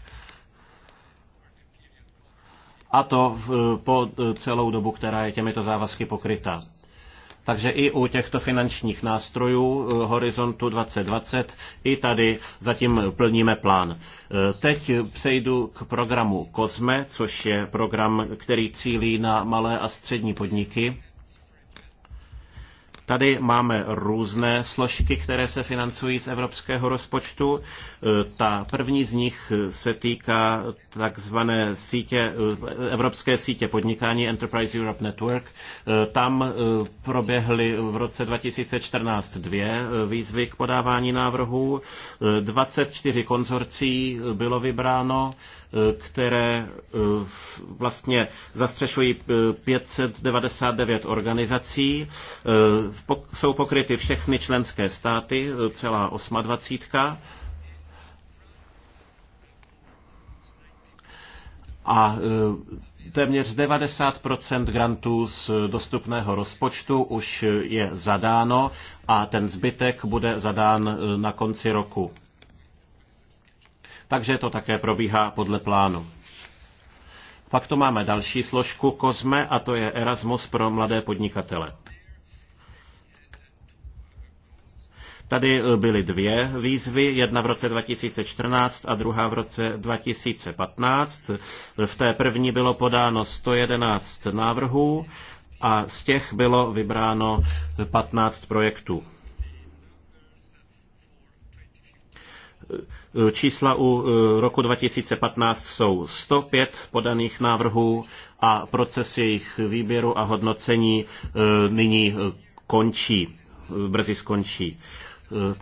a to v, po eh, celou dobu, která je těmito závazky pokryta. Takže i u těchto finančních nástrojů eh, Horizontu 2020 i tady zatím plníme plán. Eh, teď přejdu k programu COSME, což je program, který cílí na malé a střední podniky. Tady máme různé složky, které se financují z evropského rozpočtu. E, ta první z nich se týká takzvané sítě, e, evropské sítě podnikání Enterprise Europe Network. E, tam proběhly v roce 2014 dvě výzvy k podávání návrhů. 24 konzorcí bylo vybráno které e, vlastně zastřešují 599 e, organizací. E, jsou pokryty všechny členské státy, celá 28. A téměř 90 grantů z dostupného rozpočtu už je zadáno a ten zbytek bude zadán na konci roku takže to také probíhá podle plánu. Pak to máme další složku COSME a to je Erasmus pro mladé podnikatele. Tady byly dvě výzvy, jedna v roce 2014 a druhá v roce 2015. V té první bylo podáno 111 návrhů a z těch bylo vybráno 15 projektů. Čísla u eh, roku 2015 jsou 105 podaných návrhů a proces jejich výběru a hodnocení eh, nyní eh, končí, brzy skončí.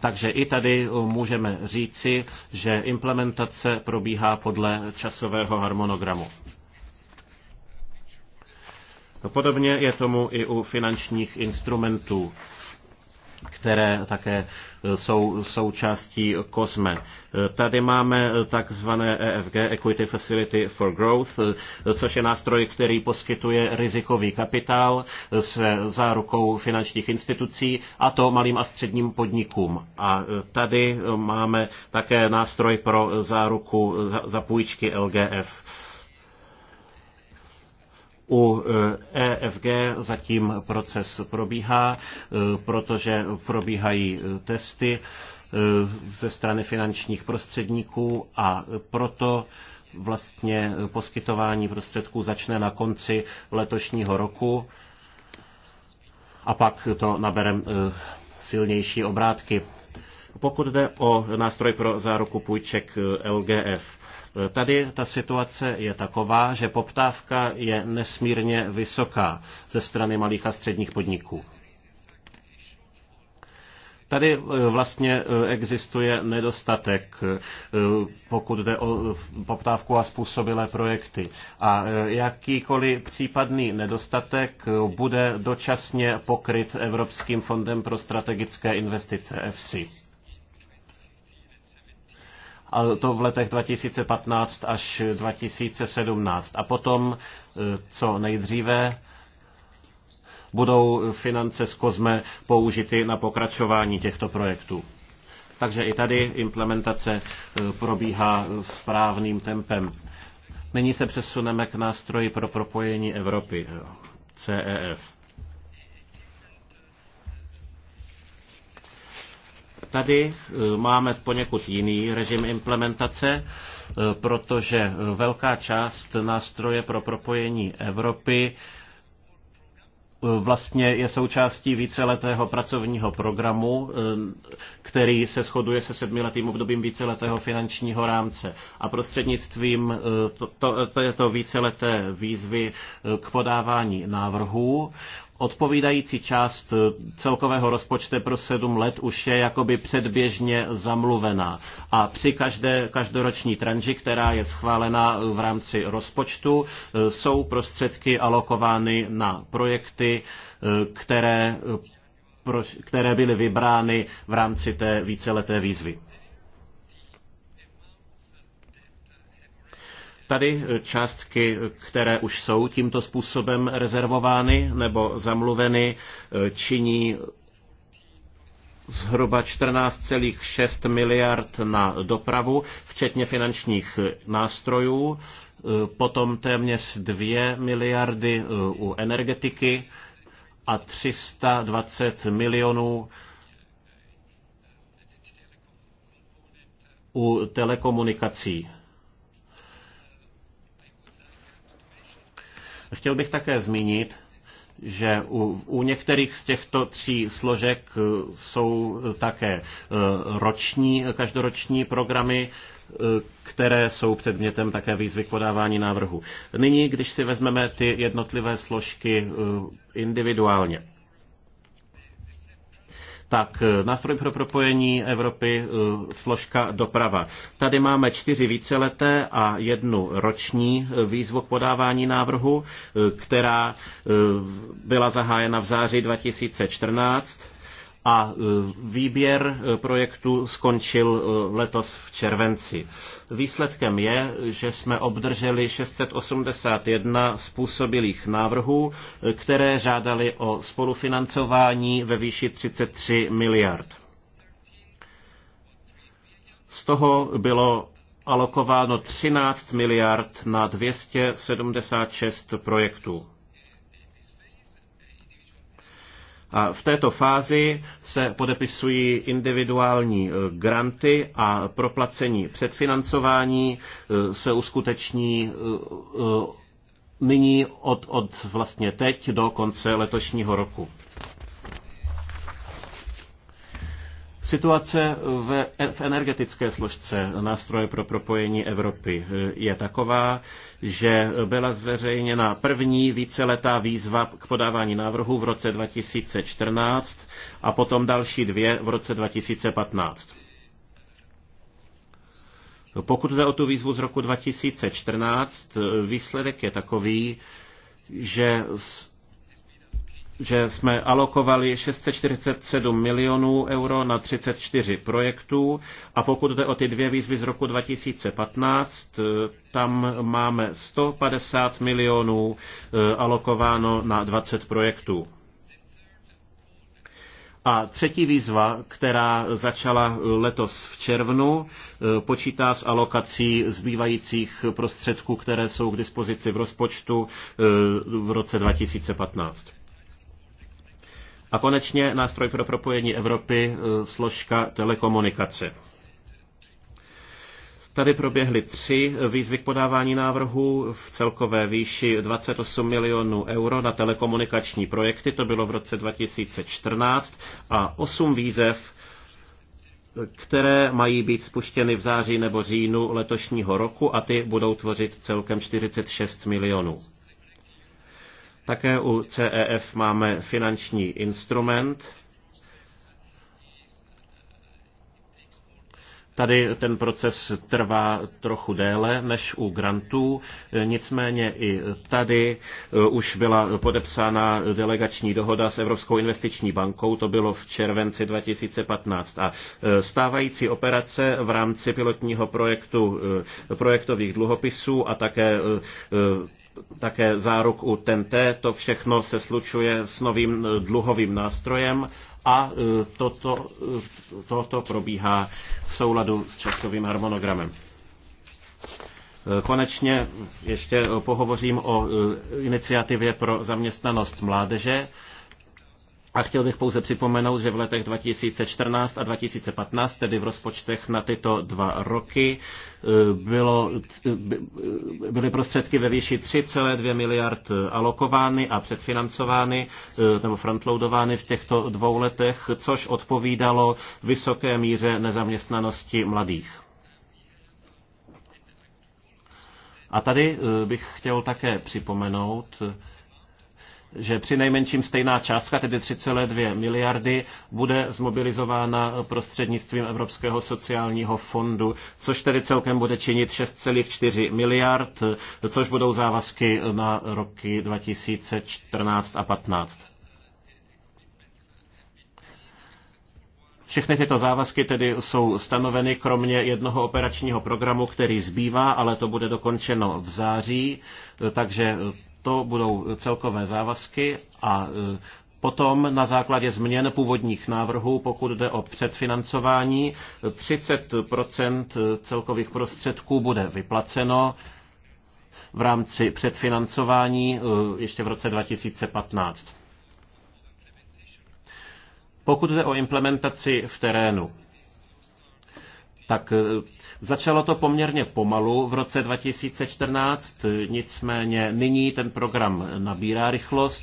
Takže i tady můžeme říci, že implementace probíhá podle časového harmonogramu. Podobně je tomu i u finančních instrumentů které také e, jsou součástí COSME. E, tady máme takzvané EFG, Equity Facility for Growth, e, což je nástroj, který poskytuje rizikový kapitál s zárukou finančních institucí a to malým a středním podnikům. A tady máme také nástroj pro záruku za půjčky LGF. U EFG eh, e zatím proces probíhá, eh, protože probíhají eh, testy ze strany finančních prostředníků a proto vlastně poskytování prostředků začne na konci letošního roku a pak to nabere silnější obrátky. Pokud jde o nástroj pro záruku půjček LGF, Tady ta situace je taková, že poptávka je nesmírně vysoká ze strany malých a středních podniků. Tady e, vlastně e, existuje nedostatek, e, pokud jde o poptávku a způsobilé projekty. A jakýkoliv případný nedostatek bude dočasně pokryt Evropským fondem pro strategické investice EFSI a to v letech 2015 až 2017. A potom, e, co nejdříve, budou finance z COSME použity na pokračování těchto projektů. Takže i tady implementace e, probíhá správným tempem. Nyní se přesuneme k nástroji pro propojení Evropy, CEF. Tady e, máme poněkud jiný režim implementace, e, protože velká část nástroje pro propojení Evropy e, vlastně je součástí víceletého pracovního programu, který se shoduje se sedmiletým obdobím víceletého finančního rámce. A prostřednictvím této víceleté výzvy k podávání návrhů odpovídající část eh, celkového rozpočte pro sedm let už je jakoby předběžně zamluvená. A při každé každoroční tranži, která je schválena eh, v rámci rozpočtu, eh, jsou prostředky alokovány na projekty, které, které byly vybrány v rámci té víceleté výzvy. Tady eh, částky, eh, které už jsou tímto způsobem rezervovány nebo zamluveny, eh, činí zhruba 14,6 miliard na dopravu, včetně finančních nástrojů, potom téměř 2 miliardy u energetiky a 320 milionů u telekomunikací. Chtěl bych také zmínit, že u, u některých z těchto tří složek eh, jsou také eh, roční, každoroční programy, eh, které jsou předmětem také výzvy k podávání návrhu. Nyní, když si vezmeme ty jednotlivé složky individuálně. Tak, eh, nástroj pro propojení Evropy, eh, složka doprava. Tady máme čtyři víceleté a jednu roční eh, výzvu k podávání návrhu, která byla zahájena v září 2014 a e, výběr e, projektu skončil e, letos v červenci. Výsledkem je, že jsme obdrželi 681 způsobilých návrhů, které žádali o spolufinancování ve výši 33 miliard. Z toho bylo alokováno 13 miliard na 276 projektů. A v této fázi se podepisují individuální e, granty a proplacení předfinancování e, se uskuteční e, nyní od, od vlastně teď do konce letošního roku. Situace v, v energetické složce nástroje pro propojení Evropy e, je taková, že byla zveřejněna první víceletá výzva k podávání návrhu v roce 2014 a potom další dvě v roce 2015. Pokud jde o tu výzvu z roku 2014, e, výsledek je takový, že že jsme alokovali 647 milionů euro na 34 projektů a pokud jde o ty dvě výzvy z roku 2015, eh, tam máme 150 milionů eh, alokováno na 20 projektů. A třetí výzva, která začala eh, letos v červnu, počítá s alokací zbývajících prostředků, které jsou k dispozici v rozpočtu v roce 2015. A konečně nástroj pro propojení Evropy, e, složka telekomunikace. Tady proběhly tři výzvy k podávání návrhů v celkové výši 28 milionů euro na telekomunikační projekty, to bylo v roce 2014, a osm výzev, které mají být spuštěny v září nebo říjnu letošního roku a ty budou tvořit celkem 46 milionů. Také u CEF máme finanční instrument. Tady ten proces trvá trochu déle než u grantů, nicméně i tady eh, už byla podepsána delegační dohoda s Evropskou investiční bankou, to bylo v červenci 2015. A eh, stávající operace v rámci pilotního projektu eh, projektových dluhopisů a také také záruk u TNT. To všechno se slučuje s novým eh, dluhovým nástrojem a eh, toto, eh, toto probíhá v souladu s časovým harmonogramem. Konečně ještě pohovořím o iniciativě pro zaměstnanost mládeže. A chtěl bych pouze připomenout, že v letech 2014 a 2015, tedy v rozpočtech na tyto dva roky, eh, bylo, eh, byly prostředky ve výši 3,2 miliard eh, alokovány a předfinancovány nebo frontloadovány v těchto dvou letech, což odpovídalo vysoké míře nezaměstnanosti mladých. A tady bych chtěl také připomenout, že při nejmenším stejná částka, tedy 3,2 miliardy, bude zmobilizována prostřednictvím Evropského sociálního fondu, což tedy celkem bude činit 6,4 miliard, což budou závazky na roky 2014 a 2015. Všechny tyto závazky tedy jsou stanoveny kromě jednoho operačního programu, který zbývá, ale to bude dokončeno v září, takže to budou celkové závazky a e, Potom na základě změn původních návrhů, pokud jde o předfinancování, 30 celkových prostředků bude vyplaceno v rámci předfinancování e, ještě v roce 2015. Pokud jde o implementaci v terénu, tak e, začalo to poměrně pomalu v roce 2014, nicméně nyní ten program nabírá rychlost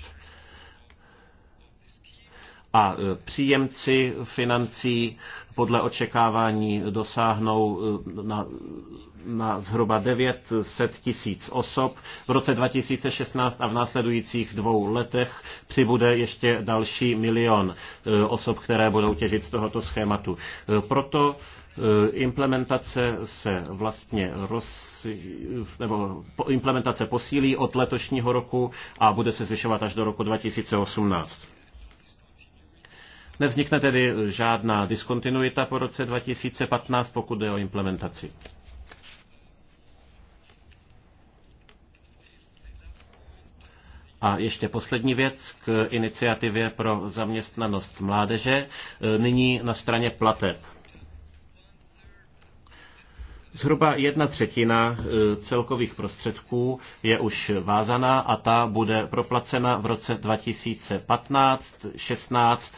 a e, příjemci financí podle očekávání dosáhnou e, na, na zhruba 900 tisíc osob. V roce 2016 a v následujících dvou letech přibude ještě další milion osob, které budou těžit z tohoto schématu. Proto Eh, implementace se vlastně roz, nebo implementace posílí od letošního roku a bude se zvyšovat až do roku 2018. Nevznikne tedy žádná diskontinuita po roce 2015, pokud jde o implementaci. A ještě poslední věc k iniciativě pro zaměstnanost mládeže, eh, nyní na straně plateb. Zhruba jedna třetina eh, celkových prostředků je už vázaná a ta bude proplacena v roce 2015, 16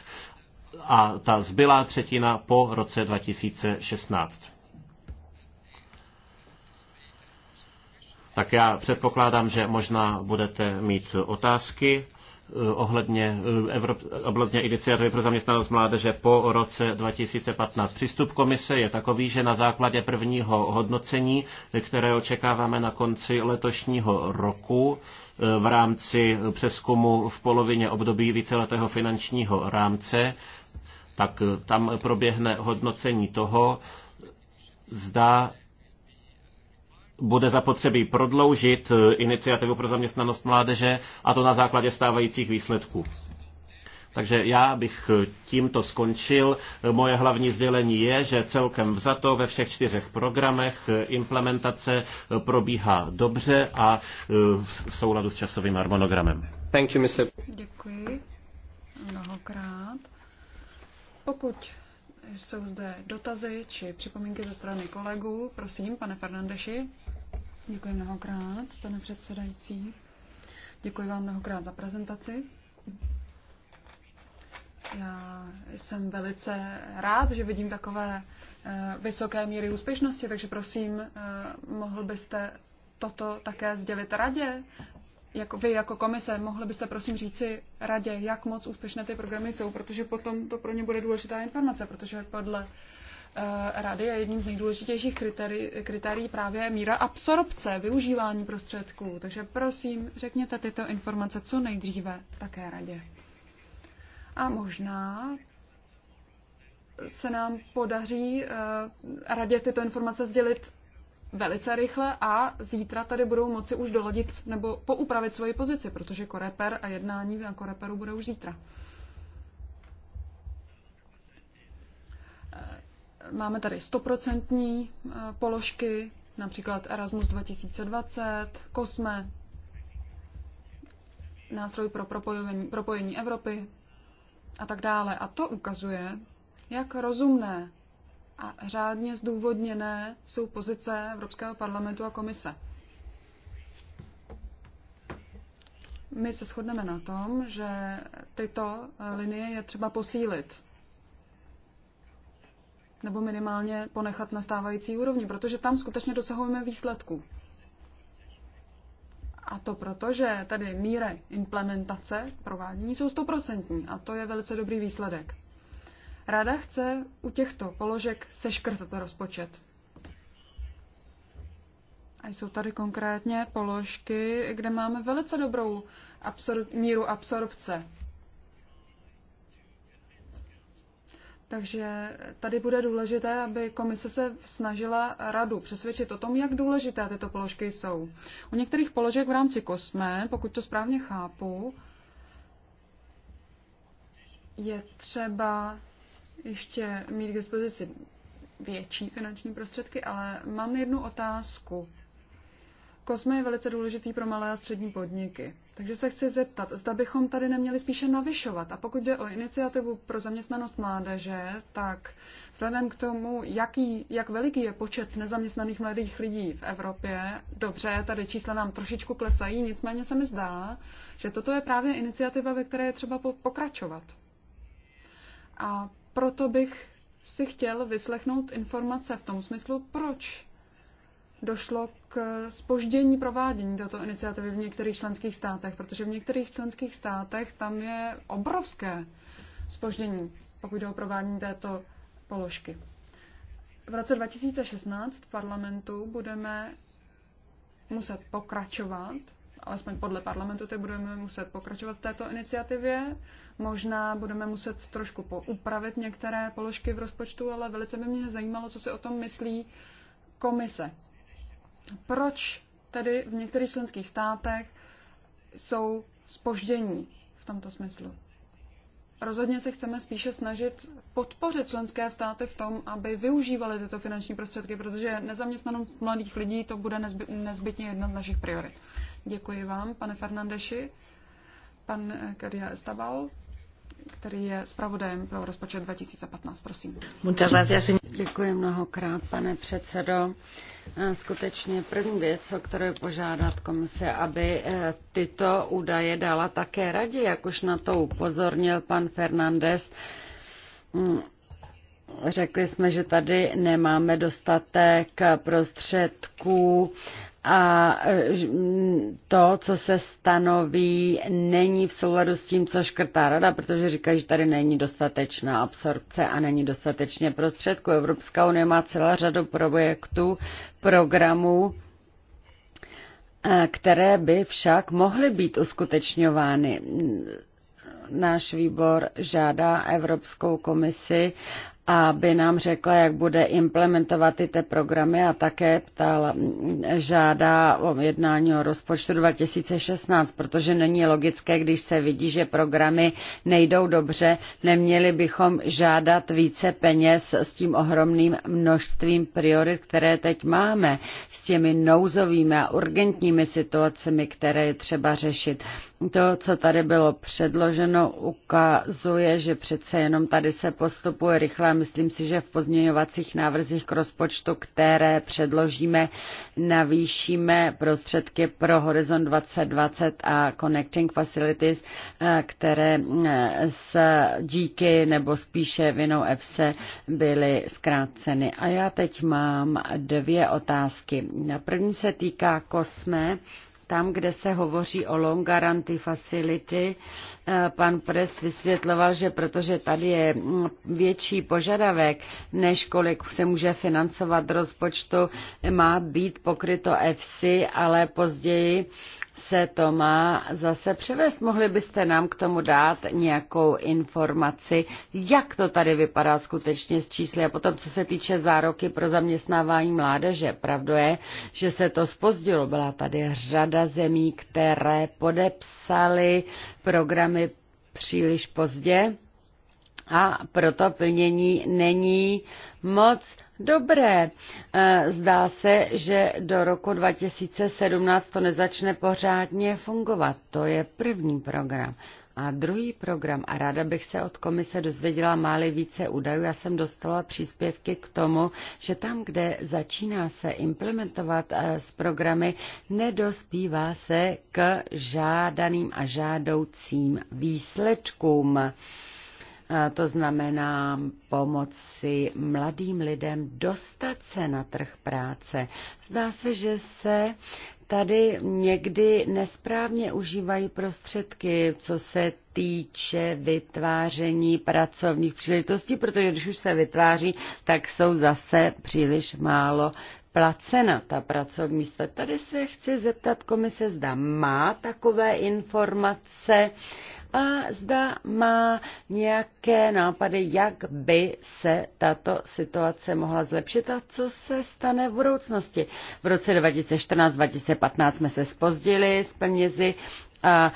a ta zbylá třetina po roce 2016. Tak já předpokládám, že možná budete mít otázky. Eh, ohledně, eh, Evrop, ohledně iniciativy pro zaměstnanost mládeže po roce 2015. Přístup komise je takový, že na základě prvního hodnocení, které očekáváme na konci letošního roku, eh, v rámci přeskumu v polovině období víceletého finančního rámce, tak tam proběhne hodnocení toho, zda bude zapotřebí prodloužit eh, iniciativu pro zaměstnanost mládeže a to na základě stávajících výsledků. Takže já bych eh, tímto skončil. Eh, moje hlavní sdělení je, že celkem vzato ve všech čtyřech programech implementace probíhá dobře a v souladu s časovým harmonogramem. Thank you, Mr. Děkuji mnohokrát. Pokud jsou zde dotazy či připomínky ze strany kolegů, prosím, pane Fernandeši. Děkuji mnohokrát, pane předsedající. Děkuji vám mnohokrát za prezentaci. Já jsem velice rád, že vidím takové eh, vysoké míry úspěšnosti, takže prosím, eh, mohl byste toto také sdělit radě? Jako vy jako komise, mohli byste prosím říci radě, jak moc úspěšné ty programy jsou, protože potom to pro ně bude důležitá informace, protože podle Eh, rady a jedním z nejdůležitějších kritérií, kritérií právě míra absorpce, využívání prostředků. Takže prosím, řekněte tyto informace co nejdříve také radě. A možná se nám podaří eh, radě tyto informace sdělit velice rychle a zítra tady budou moci už doladit nebo poupravit svoji pozici, protože koreper a jednání na koreperu bude už zítra máme tady stoprocentní eh, položky, například Erasmus 2020, Cosme, nástroj pro propojení, propojení Evropy a tak dále. A to ukazuje, jak rozumné a řádně zdůvodněné jsou pozice Evropského parlamentu a komise. My se shodneme na tom, že tyto eh, linie je třeba posílit nebo minimálně ponechat na stávající úrovni, protože tam skutečně dosahujeme výsledků. A to proto, že tady míry implementace provádění jsou stoprocentní a to je velice dobrý výsledek. Rada chce u těchto položek seškrtat rozpočet. A jsou tady konkrétně položky, kde máme velice dobrou absor- míru absorpce. Takže tady bude důležité, aby komise se snažila radu přesvědčit o tom, jak důležité tyto položky jsou. U některých položek v rámci kosme, pokud to správně chápu, je třeba ještě mít k dispozici větší finanční prostředky, ale mám jednu otázku. Kosme je velice důležitý pro malé a střední podniky. Takže se chci zeptat, zda bychom tady neměli spíše navyšovat. A pokud jde o iniciativu pro zaměstnanost mládeže, tak vzhledem k tomu, jaký, jak veliký je počet nezaměstnaných mladých lidí v Evropě, dobře, tady čísla nám trošičku klesají, nicméně se mi zdá, že toto je právě iniciativa, ve které je třeba pokračovat. A proto bych si chtěl vyslechnout informace v tom smyslu, proč došlo k spoždění provádění této iniciativy v některých členských státech, protože v některých členských státech tam je obrovské spoždění, pokud jde o provádění této položky. V roce 2016 v parlamentu budeme muset pokračovat, alespoň podle parlamentu, teď budeme muset pokračovat v této iniciativě. Možná budeme muset trošku upravit některé položky v rozpočtu, ale velice by mě zajímalo, co si o tom myslí komise. Proč tedy v některých členských státech jsou spoždění v tomto smyslu? Rozhodně se chceme spíše snažit podpořit členské státy v tom, aby využívali tyto finanční prostředky, protože nezaměstnanost mladých lidí to bude nezbytně jedna z našich priorit. Děkuji vám, pane Fernandeši, pan Karia Estabal který je zpravodajem pro rozpočet 2015. Prosím. Děkuji mnohokrát, pane předsedo. Eh, skutečně první věc, o kterou požádat komise, aby eh, tyto údaje dala také radě, jak už na to upozornil pan Fernandez. Hmm, řekli jsme, že tady nemáme dostatek prostředků a to, co se stanoví, není v souladu s tím, co škrtá rada, protože říkají, že tady není dostatečná absorpce a není dostatečně prostředků. Evropská unie má celá řadu projektů, programů, e, které by však mohly být uskutečňovány. Náš výbor žádá Evropskou komisi, aby nám řekla, jak bude implementovat ty programy a také ptal, žádá o jednání o rozpočtu 2016, protože není logické, když se vidí, že programy nejdou dobře, neměli bychom žádat více peněz s tím ohromným množstvím priorit, které teď máme, s těmi nouzovými a urgentními situacemi, které je třeba řešit. To, co tady bylo předloženo, ukazuje, že přece jenom tady se postupuje rychle Myslím si, že v pozměňovacích návrzích k rozpočtu, které předložíme, navýšíme prostředky pro Horizon 2020 a Connecting Facilities, eh, které eh, s díky nebo spíše vinou EFSE byly zkráceny. A já teď mám dvě otázky. Na první se týká kosme tam, kde se hovoří o long guarantee facility, eh, pan Pres vysvětloval, že protože tady je mm, větší požadavek, než kolik se může financovat rozpočtu, má být pokryto EFSI, ale později se to má zase převést. Mohli byste nám k tomu dát nějakou informaci, jak to tady vypadá skutečně s čísly a potom, co se týče zároky pro zaměstnávání mládeže. Pravda je, že se to spozdilo. Byla tady řada zemí, které podepsaly programy příliš pozdě a proto plnění není moc dobré. Eh, zdá se, že do roku 2017 to nezačne pořádně fungovat. To je první program. A druhý program, a ráda bych se od komise dozvěděla máli více údajů, já jsem dostala příspěvky k tomu, že tam, kde začíná se implementovat eh, s programy, nedospívá se k žádaným a žádoucím výsledkům to znamená pomoci mladým lidem dostat se na trh práce. Zdá se, že se tady někdy nesprávně užívají prostředky, co se týče vytváření pracovních příležitostí, protože když už se vytváří, tak jsou zase příliš málo placena ta pracovní místa. Tady se chci zeptat komise, zda má takové informace a zda má nějaké nápady, jak by se tato situace mohla zlepšit a co se stane v budoucnosti. V roce 2014-2015 jsme se spozdili s penězi a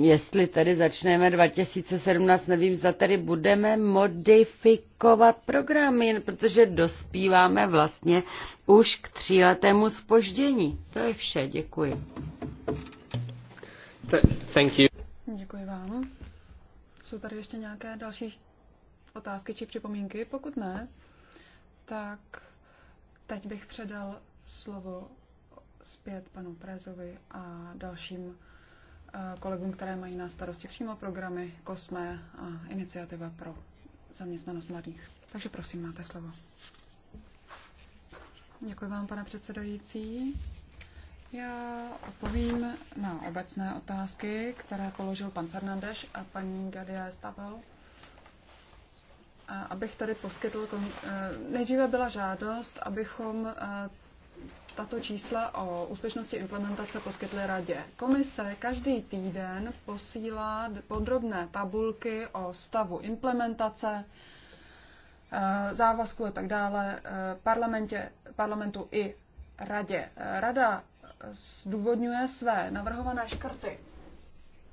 jestli tedy začneme 2017, nevím, zda tedy budeme modifikovat programy, protože dospíváme vlastně už k tříletému spoždění. To je vše, děkuji. Thank you. Děkuji vám. Jsou tady ještě nějaké další otázky či připomínky? Pokud ne, tak teď bych předal slovo zpět panu Prezovi a dalším eh, kolegům, které mají na starosti přímo programy Kosme a iniciativa pro zaměstnanost mladých. Takže prosím, máte slovo. Děkuji vám, pane předsedající. Já odpovím na obecné otázky, které položil pan Fernandeš a paní Gadia Estavel. Abych tady poskytl, eh, nejdříve byla žádost, abychom eh, tato čísla o úspěšnosti implementace poskytly radě. Komise každý týden posílá podrobné tabulky o stavu implementace, eh, závazku a tak dále parlamentě, parlamentu i radě. Rada zdůvodňuje své navrhované škrty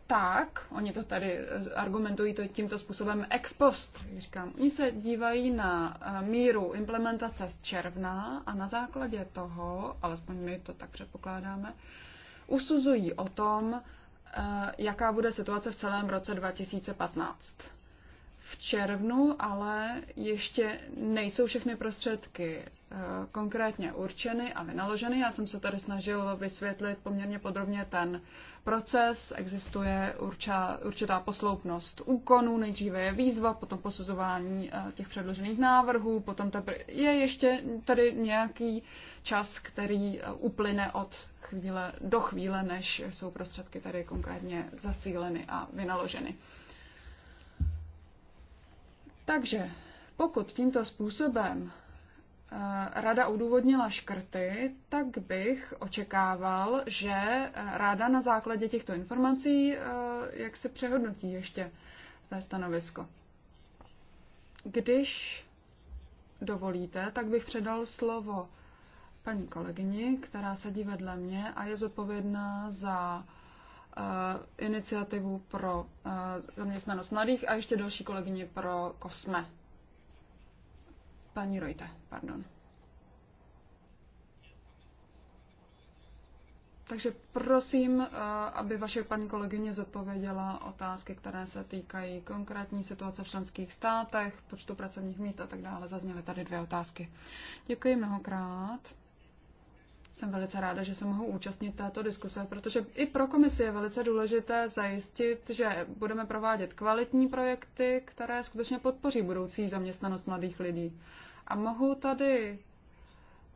tak, oni to tady eh, argumentují to tímto způsobem ex post, říkám, oni se dívají na eh, míru implementace z června a na základě toho, alespoň my to tak předpokládáme, usuzují o tom, eh, jaká bude situace v celém roce 2015. V červnu ale ještě nejsou všechny prostředky Eh, konkrétně určeny a vynaloženy. Já jsem se tady snažil vysvětlit poměrně podrobně ten proces. Existuje urča, určitá posloupnost úkonů, nejdříve je výzva, potom posuzování eh, těch předložených návrhů, potom je ještě tady nějaký čas, který eh, uplyne od chvíle do chvíle, než jsou prostředky tady konkrétně zacíleny a vynaloženy. Takže pokud tímto způsobem Eh, rada udůvodnila škrty, tak bych očekával, že eh, ráda na základě těchto informací eh, jak se přehodnotí ještě své stanovisko. Když dovolíte, tak bych předal slovo paní kolegyni, která sedí vedle mě a je zodpovědná za iniciativu pro zaměstnanost mladých a ještě další kolegyně pro Kosme. Paní Rojte, pardon. Takže prosím, eh, aby vaše paní kolegyně zodpověděla otázky, které se týkají konkrétní situace v členských státech, počtu pracovních míst a tak dále. Zazněly tady dvě otázky. Děkuji mnohokrát. Jsem velice ráda, že se mohu účastnit této diskuse, protože i pro komisi je velice důležité zajistit, že budeme provádět kvalitní projekty, které skutečně podpoří budoucí zaměstnanost mladých lidí. A mohu tady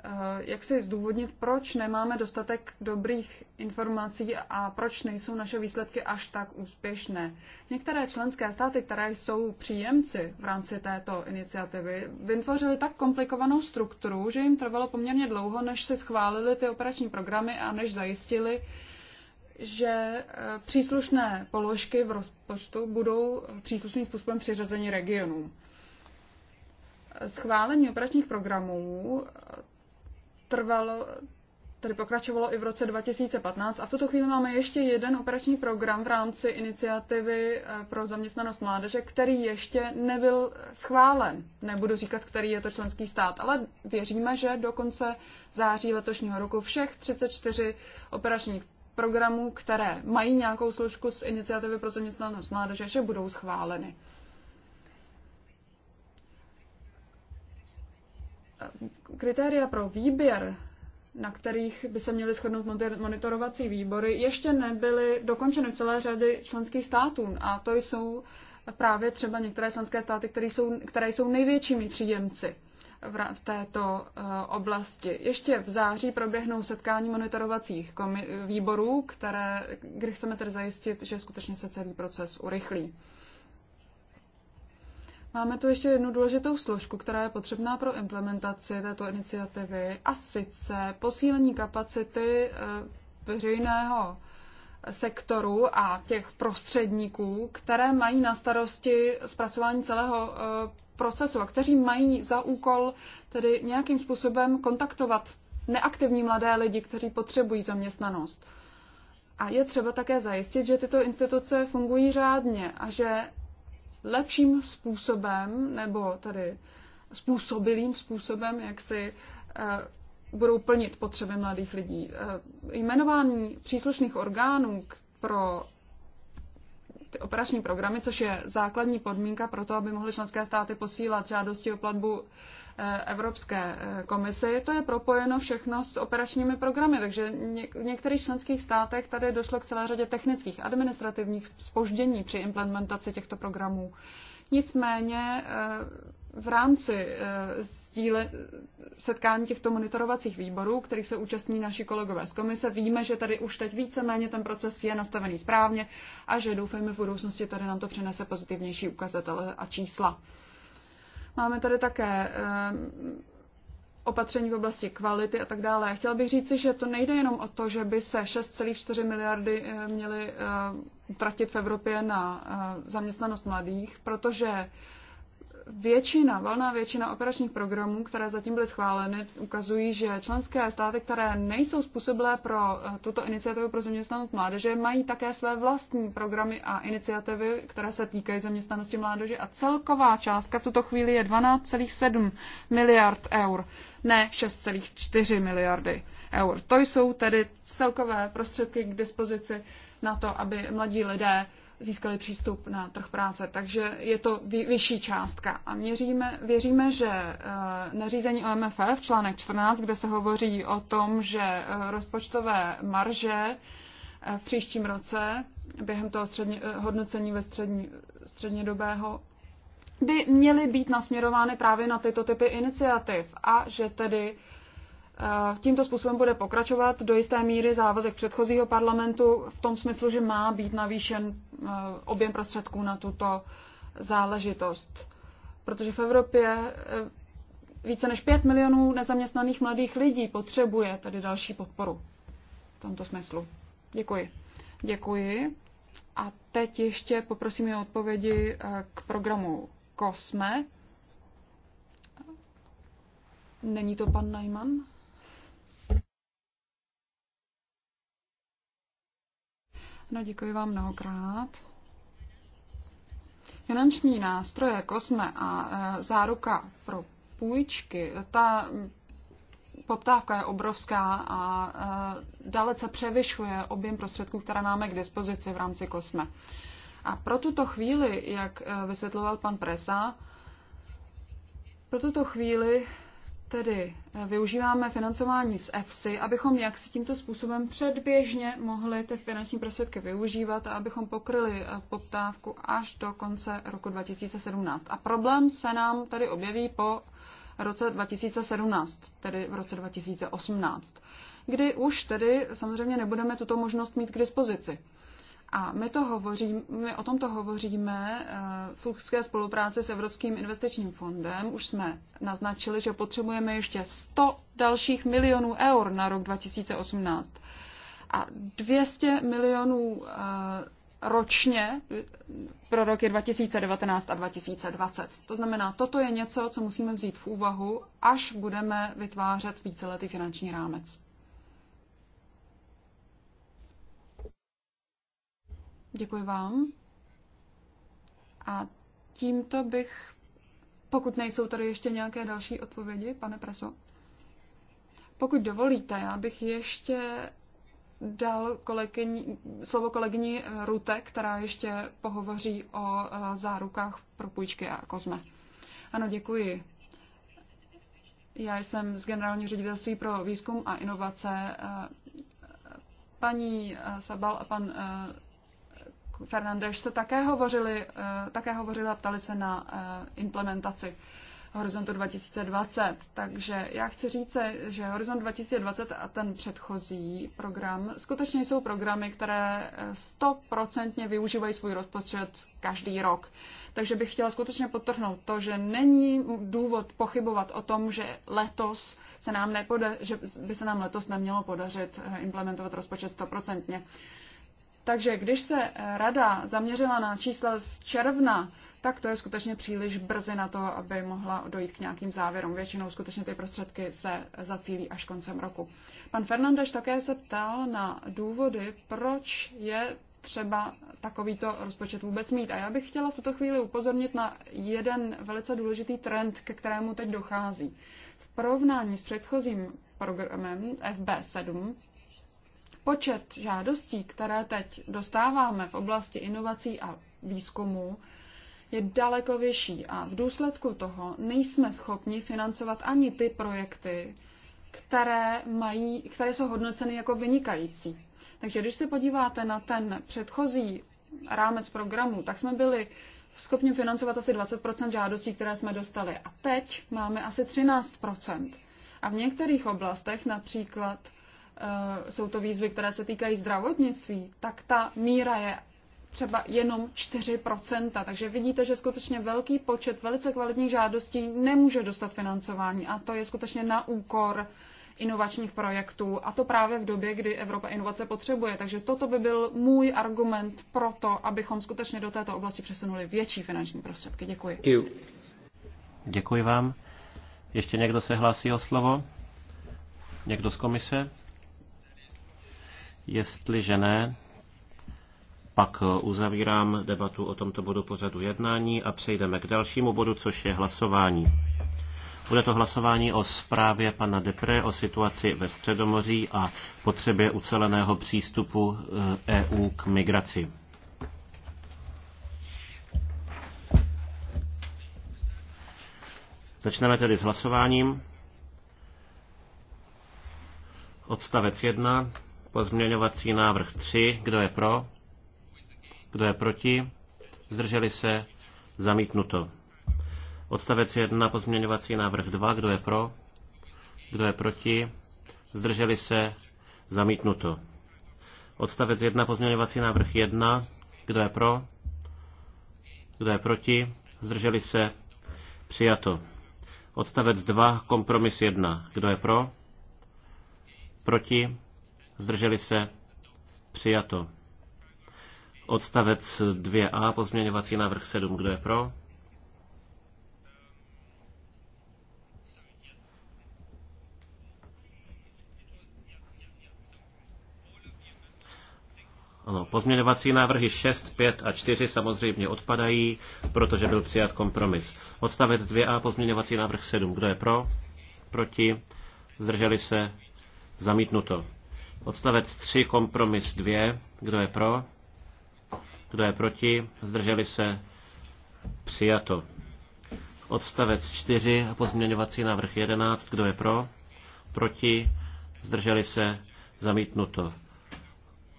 Eh, jak si zdůvodnit, proč nemáme dostatek dobrých informací a proč nejsou naše výsledky až tak úspěšné. Některé členské státy, které jsou příjemci v rámci této iniciativy, vytvořily tak komplikovanou strukturu, že jim trvalo poměrně dlouho, než se schválili ty operační programy a než zajistili, že eh, příslušné položky v rozpočtu budou příslušným způsobem přiřazeny regionům. Schválení operačních programů trvalo, tedy pokračovalo i v roce 2015 a v tuto chvíli máme ještě jeden operační program v rámci iniciativy eh, pro zaměstnanost mládeže, který ještě nebyl schválen. Nebudu říkat, který je to členský stát, ale věříme, že do konce září letošního roku všech 34 operačních programů, které mají nějakou složku z iniciativy pro zaměstnanost mládeže, že budou schváleny. kritéria pro výběr, na kterých by se měly shodnout monitorovací výbory, ještě nebyly dokončeny v celé řady členských států. A to jsou právě třeba některé členské státy, které jsou, které jsou největšími příjemci v této eh, oblasti. Ještě v září proběhnou setkání monitorovacích výborů, které, kde chceme tedy zajistit, že skutečně se celý proces urychlí. Máme tu ještě jednu důležitou složku, která je potřebná pro implementaci této iniciativy, a sice posílení kapacity eh, veřejného sektoru a těch prostředníků, které mají na starosti zpracování celého eh, procesu a kteří mají za úkol tedy nějakým způsobem kontaktovat neaktivní mladé lidi, kteří potřebují zaměstnanost. A je třeba také zajistit, že tyto instituce fungují řádně a že lepším způsobem, nebo tady způsobilým způsobem, jak si eh, budou plnit potřeby mladých lidí. Eh, jmenování příslušných orgánů pro ty operační programy, což je základní podmínka pro to, aby mohly členské státy posílat žádosti o platbu Eh, Evropské eh, komisi, to je propojeno všechno s operačními programy, takže v některých členských státech tady došlo k celé řadě technických administrativních spoždění při implementaci těchto programů. Nicméně eh, v rámci sdíle, setkání těchto monitorovacích výborů, kterých se účastní naši kolegové z komise, víme, že tady už teď víceméně ten proces je nastavený správně a že doufejme v budoucnosti tady nám to přinese pozitivnější ukazatele a čísla. Máme tady také eh, opatření v oblasti kvality a tak dále. Chtěl bych říci, že to nejde jenom o to, že by se 6,4 miliardy eh, měly eh, tratit v Evropě na zaměstnanost mladých, protože většina, valná většina operačních programů, které zatím byly schváleny, ukazují, že členské státy, které nejsou způsobilé pro eh, tuto iniciativu pro zaměstnanost mládeže, mají také své vlastní programy a iniciativy, které se týkají zaměstnanosti mládeže a celková částka v tuto chvíli je 12,7 miliard eur, ne 6,4 miliardy eur. To jsou tedy celkové prostředky k dispozici na to, aby mladí lidé získali přístup na trh práce. Takže je to vyšší částka. A měříme, věříme, že eh, nařízení OMFF, článek 14, kde se hovoří o tom, že eh, rozpočtové marže eh, v příštím roce během toho středně, hodnocení ve střední, střednědobého by měly být nasměrovány právě na tyto typy iniciativ a že tedy uh, tímto způsobem bude pokračovat do jisté míry závazek předchozího parlamentu v tom smyslu, že má být navýšen e, objem prostředků na tuto záležitost. Protože v Evropě e, více než 5 milionů nezaměstnaných mladých lidí potřebuje tady další podporu v tomto smyslu. Děkuji. Děkuji. A teď ještě poprosím o odpovědi e, k programu COSME. Není to pan Najman? No, děkuji vám mnohokrát. Finanční nástroje, kosme a a e, záruka pro půjčky, ta poptávka je obrovská a e, dalece převyšuje objem prostředků, které máme k dispozici v rámci kosme. A pro tuto chvíli, jak e, vysvětloval pan Presa, pro tuto chvíli tedy eh, využíváme financování z EFSI, abychom jak si tímto způsobem předběžně mohli ty finanční prostředky využívat a abychom pokryli eh, poptávku až do konce roku 2017. A problém se nám tady objeví po roce 2017, tedy v roce 2018, kdy už tedy samozřejmě nebudeme tuto možnost mít k dispozici. A my, to hovořím, my o tomto hovoříme eh, v úzké spolupráci s Evropským investičním fondem. Už jsme naznačili, že potřebujeme ještě 100 dalších milionů eur na rok 2018. A 200 milionů eh, ročně pro roky 2019 a 2020. To znamená, toto je něco, co musíme vzít v úvahu, až budeme vytvářet víceletý finanční rámec. Děkuji vám. A tímto bych, pokud nejsou tady ještě nějaké další odpovědi, pane Preso, pokud dovolíte, já bych ještě dal kolegyni, slovo kolegyni Rute, která ještě pohovoří o eh, zárukách pro půjčky a kozme. Ano, děkuji. Já jsem z Generální ředitelství pro výzkum a inovace. Eh, paní eh, Sabal a pan Fernandeš se také hovořili, eh, také hovořili a ptali se na eh, implementaci Horizontu 2020. Takže já chci říct, že Horizont 2020 a ten předchozí program skutečně jsou programy, které eh, stoprocentně využívají svůj rozpočet každý rok. Takže bych chtěla skutečně podtrhnout to, že není důvod pochybovat o tom, že letos se nám nepode, že by se nám letos nemělo podařit implementovat rozpočet stoprocentně. Takže když se eh, rada zaměřila na čísla z června, tak to je skutečně příliš brzy na to, aby mohla dojít k nějakým závěrům. Většinou skutečně ty prostředky se zacílí až koncem roku. Pan Fernandeš také se ptal na důvody, proč je třeba takovýto rozpočet vůbec mít. A já bych chtěla v tuto chvíli upozornit na jeden velice důležitý trend, ke kterému teď dochází. V porovnání s předchozím programem FB7, Počet žádostí, které teď dostáváme v oblasti inovací a výzkumu, je daleko vyšší a v důsledku toho nejsme schopni financovat ani ty projekty, které, mají, které jsou hodnoceny jako vynikající. Takže když se podíváte na ten předchozí rámec programu, tak jsme byli schopni financovat asi 20 žádostí, které jsme dostali. A teď máme asi 13 A v některých oblastech, například Eh, jsou to výzvy, které se týkají zdravotnictví, tak ta míra je třeba jenom 4%. Takže vidíte, že skutečně velký počet velice kvalitních žádostí nemůže dostat financování a to je skutečně na úkor inovačních projektů a to právě v době, kdy Evropa inovace potřebuje. Takže toto by byl můj argument pro to, abychom skutečně do této oblasti přesunuli větší finanční prostředky. Děkuji. Děkuji vám. Ještě někdo se hlásí o slovo? Někdo z komise? Jestliže ne, pak uzavírám debatu o tomto bodu pořadu jednání a přejdeme k dalšímu bodu, což je hlasování. Bude to hlasování o zprávě pana Depre o situaci ve Středomoří a potřebě uceleného přístupu EU eh, e k migraci. Začneme tedy s hlasováním. Odstavec 1. Pozměňovací návrh 3. Kdo je pro? Kdo je proti? Zdrželi se? Zamítnuto. Odstavec 1. Pozměňovací návrh 2. Kdo je pro? Kdo je proti? Zdrželi se? Zamítnuto. Odstavec 1. Pozměňovací návrh 1. Kdo je pro? Kdo je proti? Zdrželi se? Přijato. Odstavec 2. Kompromis 1. Kdo je pro? Proti? zdrželi se, přijato. Odstavec 2a, pozměňovací návrh 7, kdo je pro? Ano, pozměňovací návrhy 6, 5 a 4 samozřejmě odpadají, protože byl přijat kompromis. Odstavec 2a, pozměňovací návrh 7. Kdo je pro? Proti? Zdrželi se? Zamítnuto. Odstavec 3, kompromis 2. Kdo je pro? Kdo je proti? Zdrželi se? Přijato. Odstavec 4, pozměňovací návrh 11. Kdo je pro? Proti? Zdrželi se? Zamítnuto.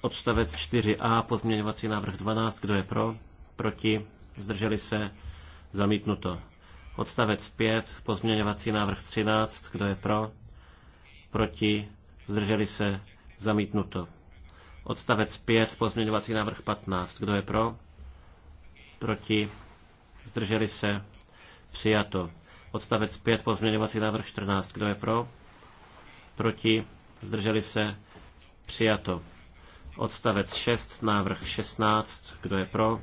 Odstavec 4a, pozměňovací návrh 12. Kdo je pro? Proti? Zdrželi se? Zamítnuto. Odstavec 5, pozměňovací návrh 13. Kdo je pro? Proti? Zdrželi se? Zamítnuto. Odstavec 5, pozměňovací návrh 15. Kdo je pro? Proti? Zdrželi se? Přijato. Odstavec 5, pozměňovací návrh 14. Kdo je pro? Proti? Zdrželi se? Přijato. Odstavec 6, návrh 16. Kdo je pro?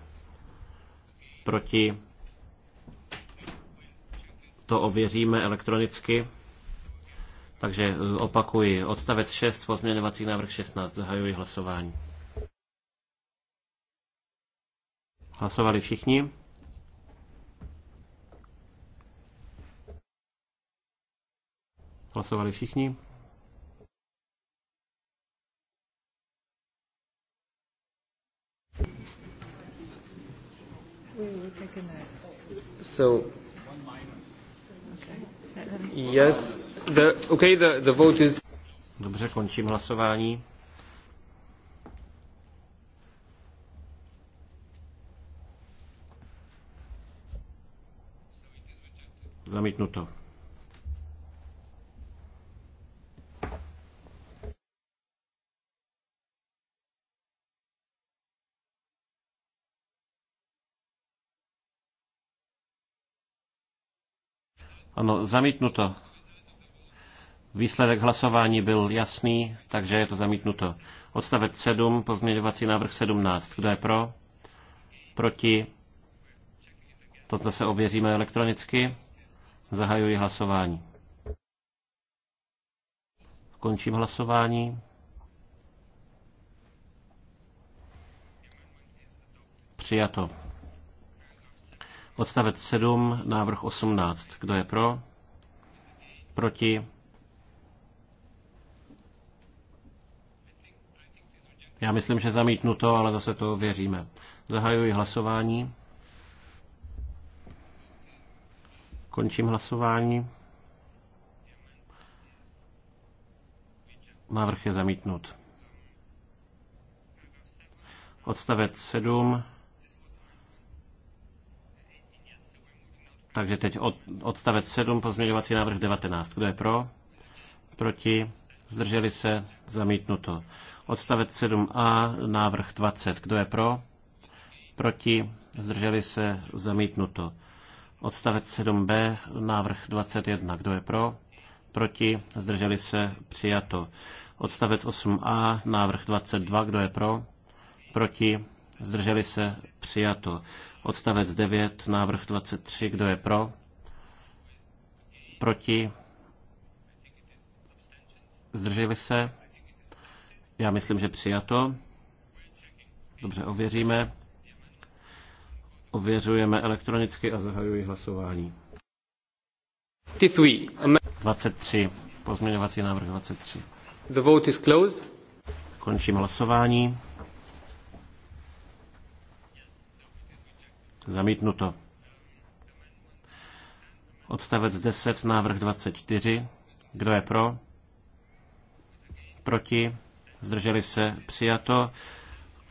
Proti? To ověříme elektronicky. Takže eh, opakuji, odstavec 6, pozměňovací návrh 16, zahajuji hlasování. Hlasovali všichni? Hlasovali všichni? So, yes, The, okay, the, the vote is... Dobře, končím hlasování. Zamítnuto. Ano, zamítnuto. Výsledek hlasování byl jasný, takže je to zamítnuto. Odstavec 7, pozměňovací návrh 17. Kdo je pro? Proti? To zase ověříme elektronicky. Zahajuji hlasování. Končím hlasování. Přijato. Odstavec 7, návrh 18. Kdo je pro? Proti? Já myslím, že zamítnuto, ale zase to věříme. Zahajuji hlasování. Končím hlasování. Návrh je zamítnut. Odstavec 7. Takže teď od, odstavec 7, pozměňovací návrh 19. Kdo je pro? Proti? Zdrželi se? Zamítnuto. Odstavec 7a, návrh 20. Kdo je pro? Proti? Zdrželi se? Zamítnuto. Odstavec 7b, návrh 21. Kdo je pro? Proti? Zdrželi se? Přijato. Odstavec 8a, návrh 22. Kdo je pro? Proti? Zdrželi se? Přijato. Odstavec 9, návrh 23. Kdo je pro? Proti? Zdrželi se? Já myslím, že přijato. Dobře, ověříme. Ověřujeme elektronicky a zahajuji hlasování. 23. Pozměňovací návrh 23. The vote is closed. Končím hlasování. Zamítnuto. Odstavec 10, návrh 24. Kdo je pro? Proti? zdrželi se, přijato.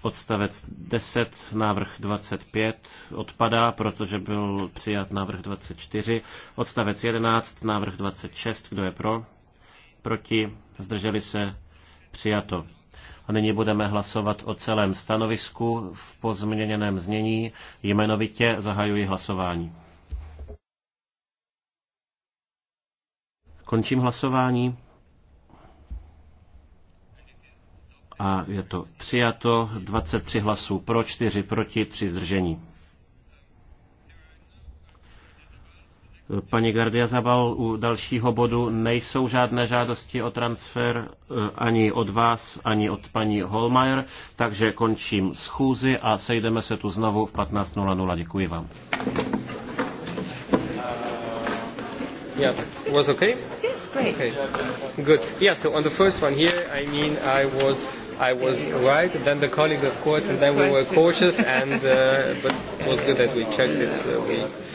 Odstavec 10, návrh 25 odpadá, protože byl přijat návrh 24. Odstavec 11, návrh 26, kdo je pro? Proti, zdrželi se, přijato. A nyní budeme hlasovat o celém stanovisku v pozměněném znění. Jmenovitě zahajuji hlasování. Končím hlasování. a je to přijato 23 hlasů pro, 4 proti, 3 zdržení. Paní Gardia Zabal, u dalšího bodu nejsou žádné žádosti o transfer eh, ani od vás, ani od paní Holmeier, takže končím schůzi a sejdeme se tu znovu v 15.00. Děkuji vám. Yeah, was okay? Yes, great. Okay. Good. Yeah, so on the first one here, I mean, I was i was right, then the colleague, of course, and then we were cautious, and uh, but it was good that we checked it. So we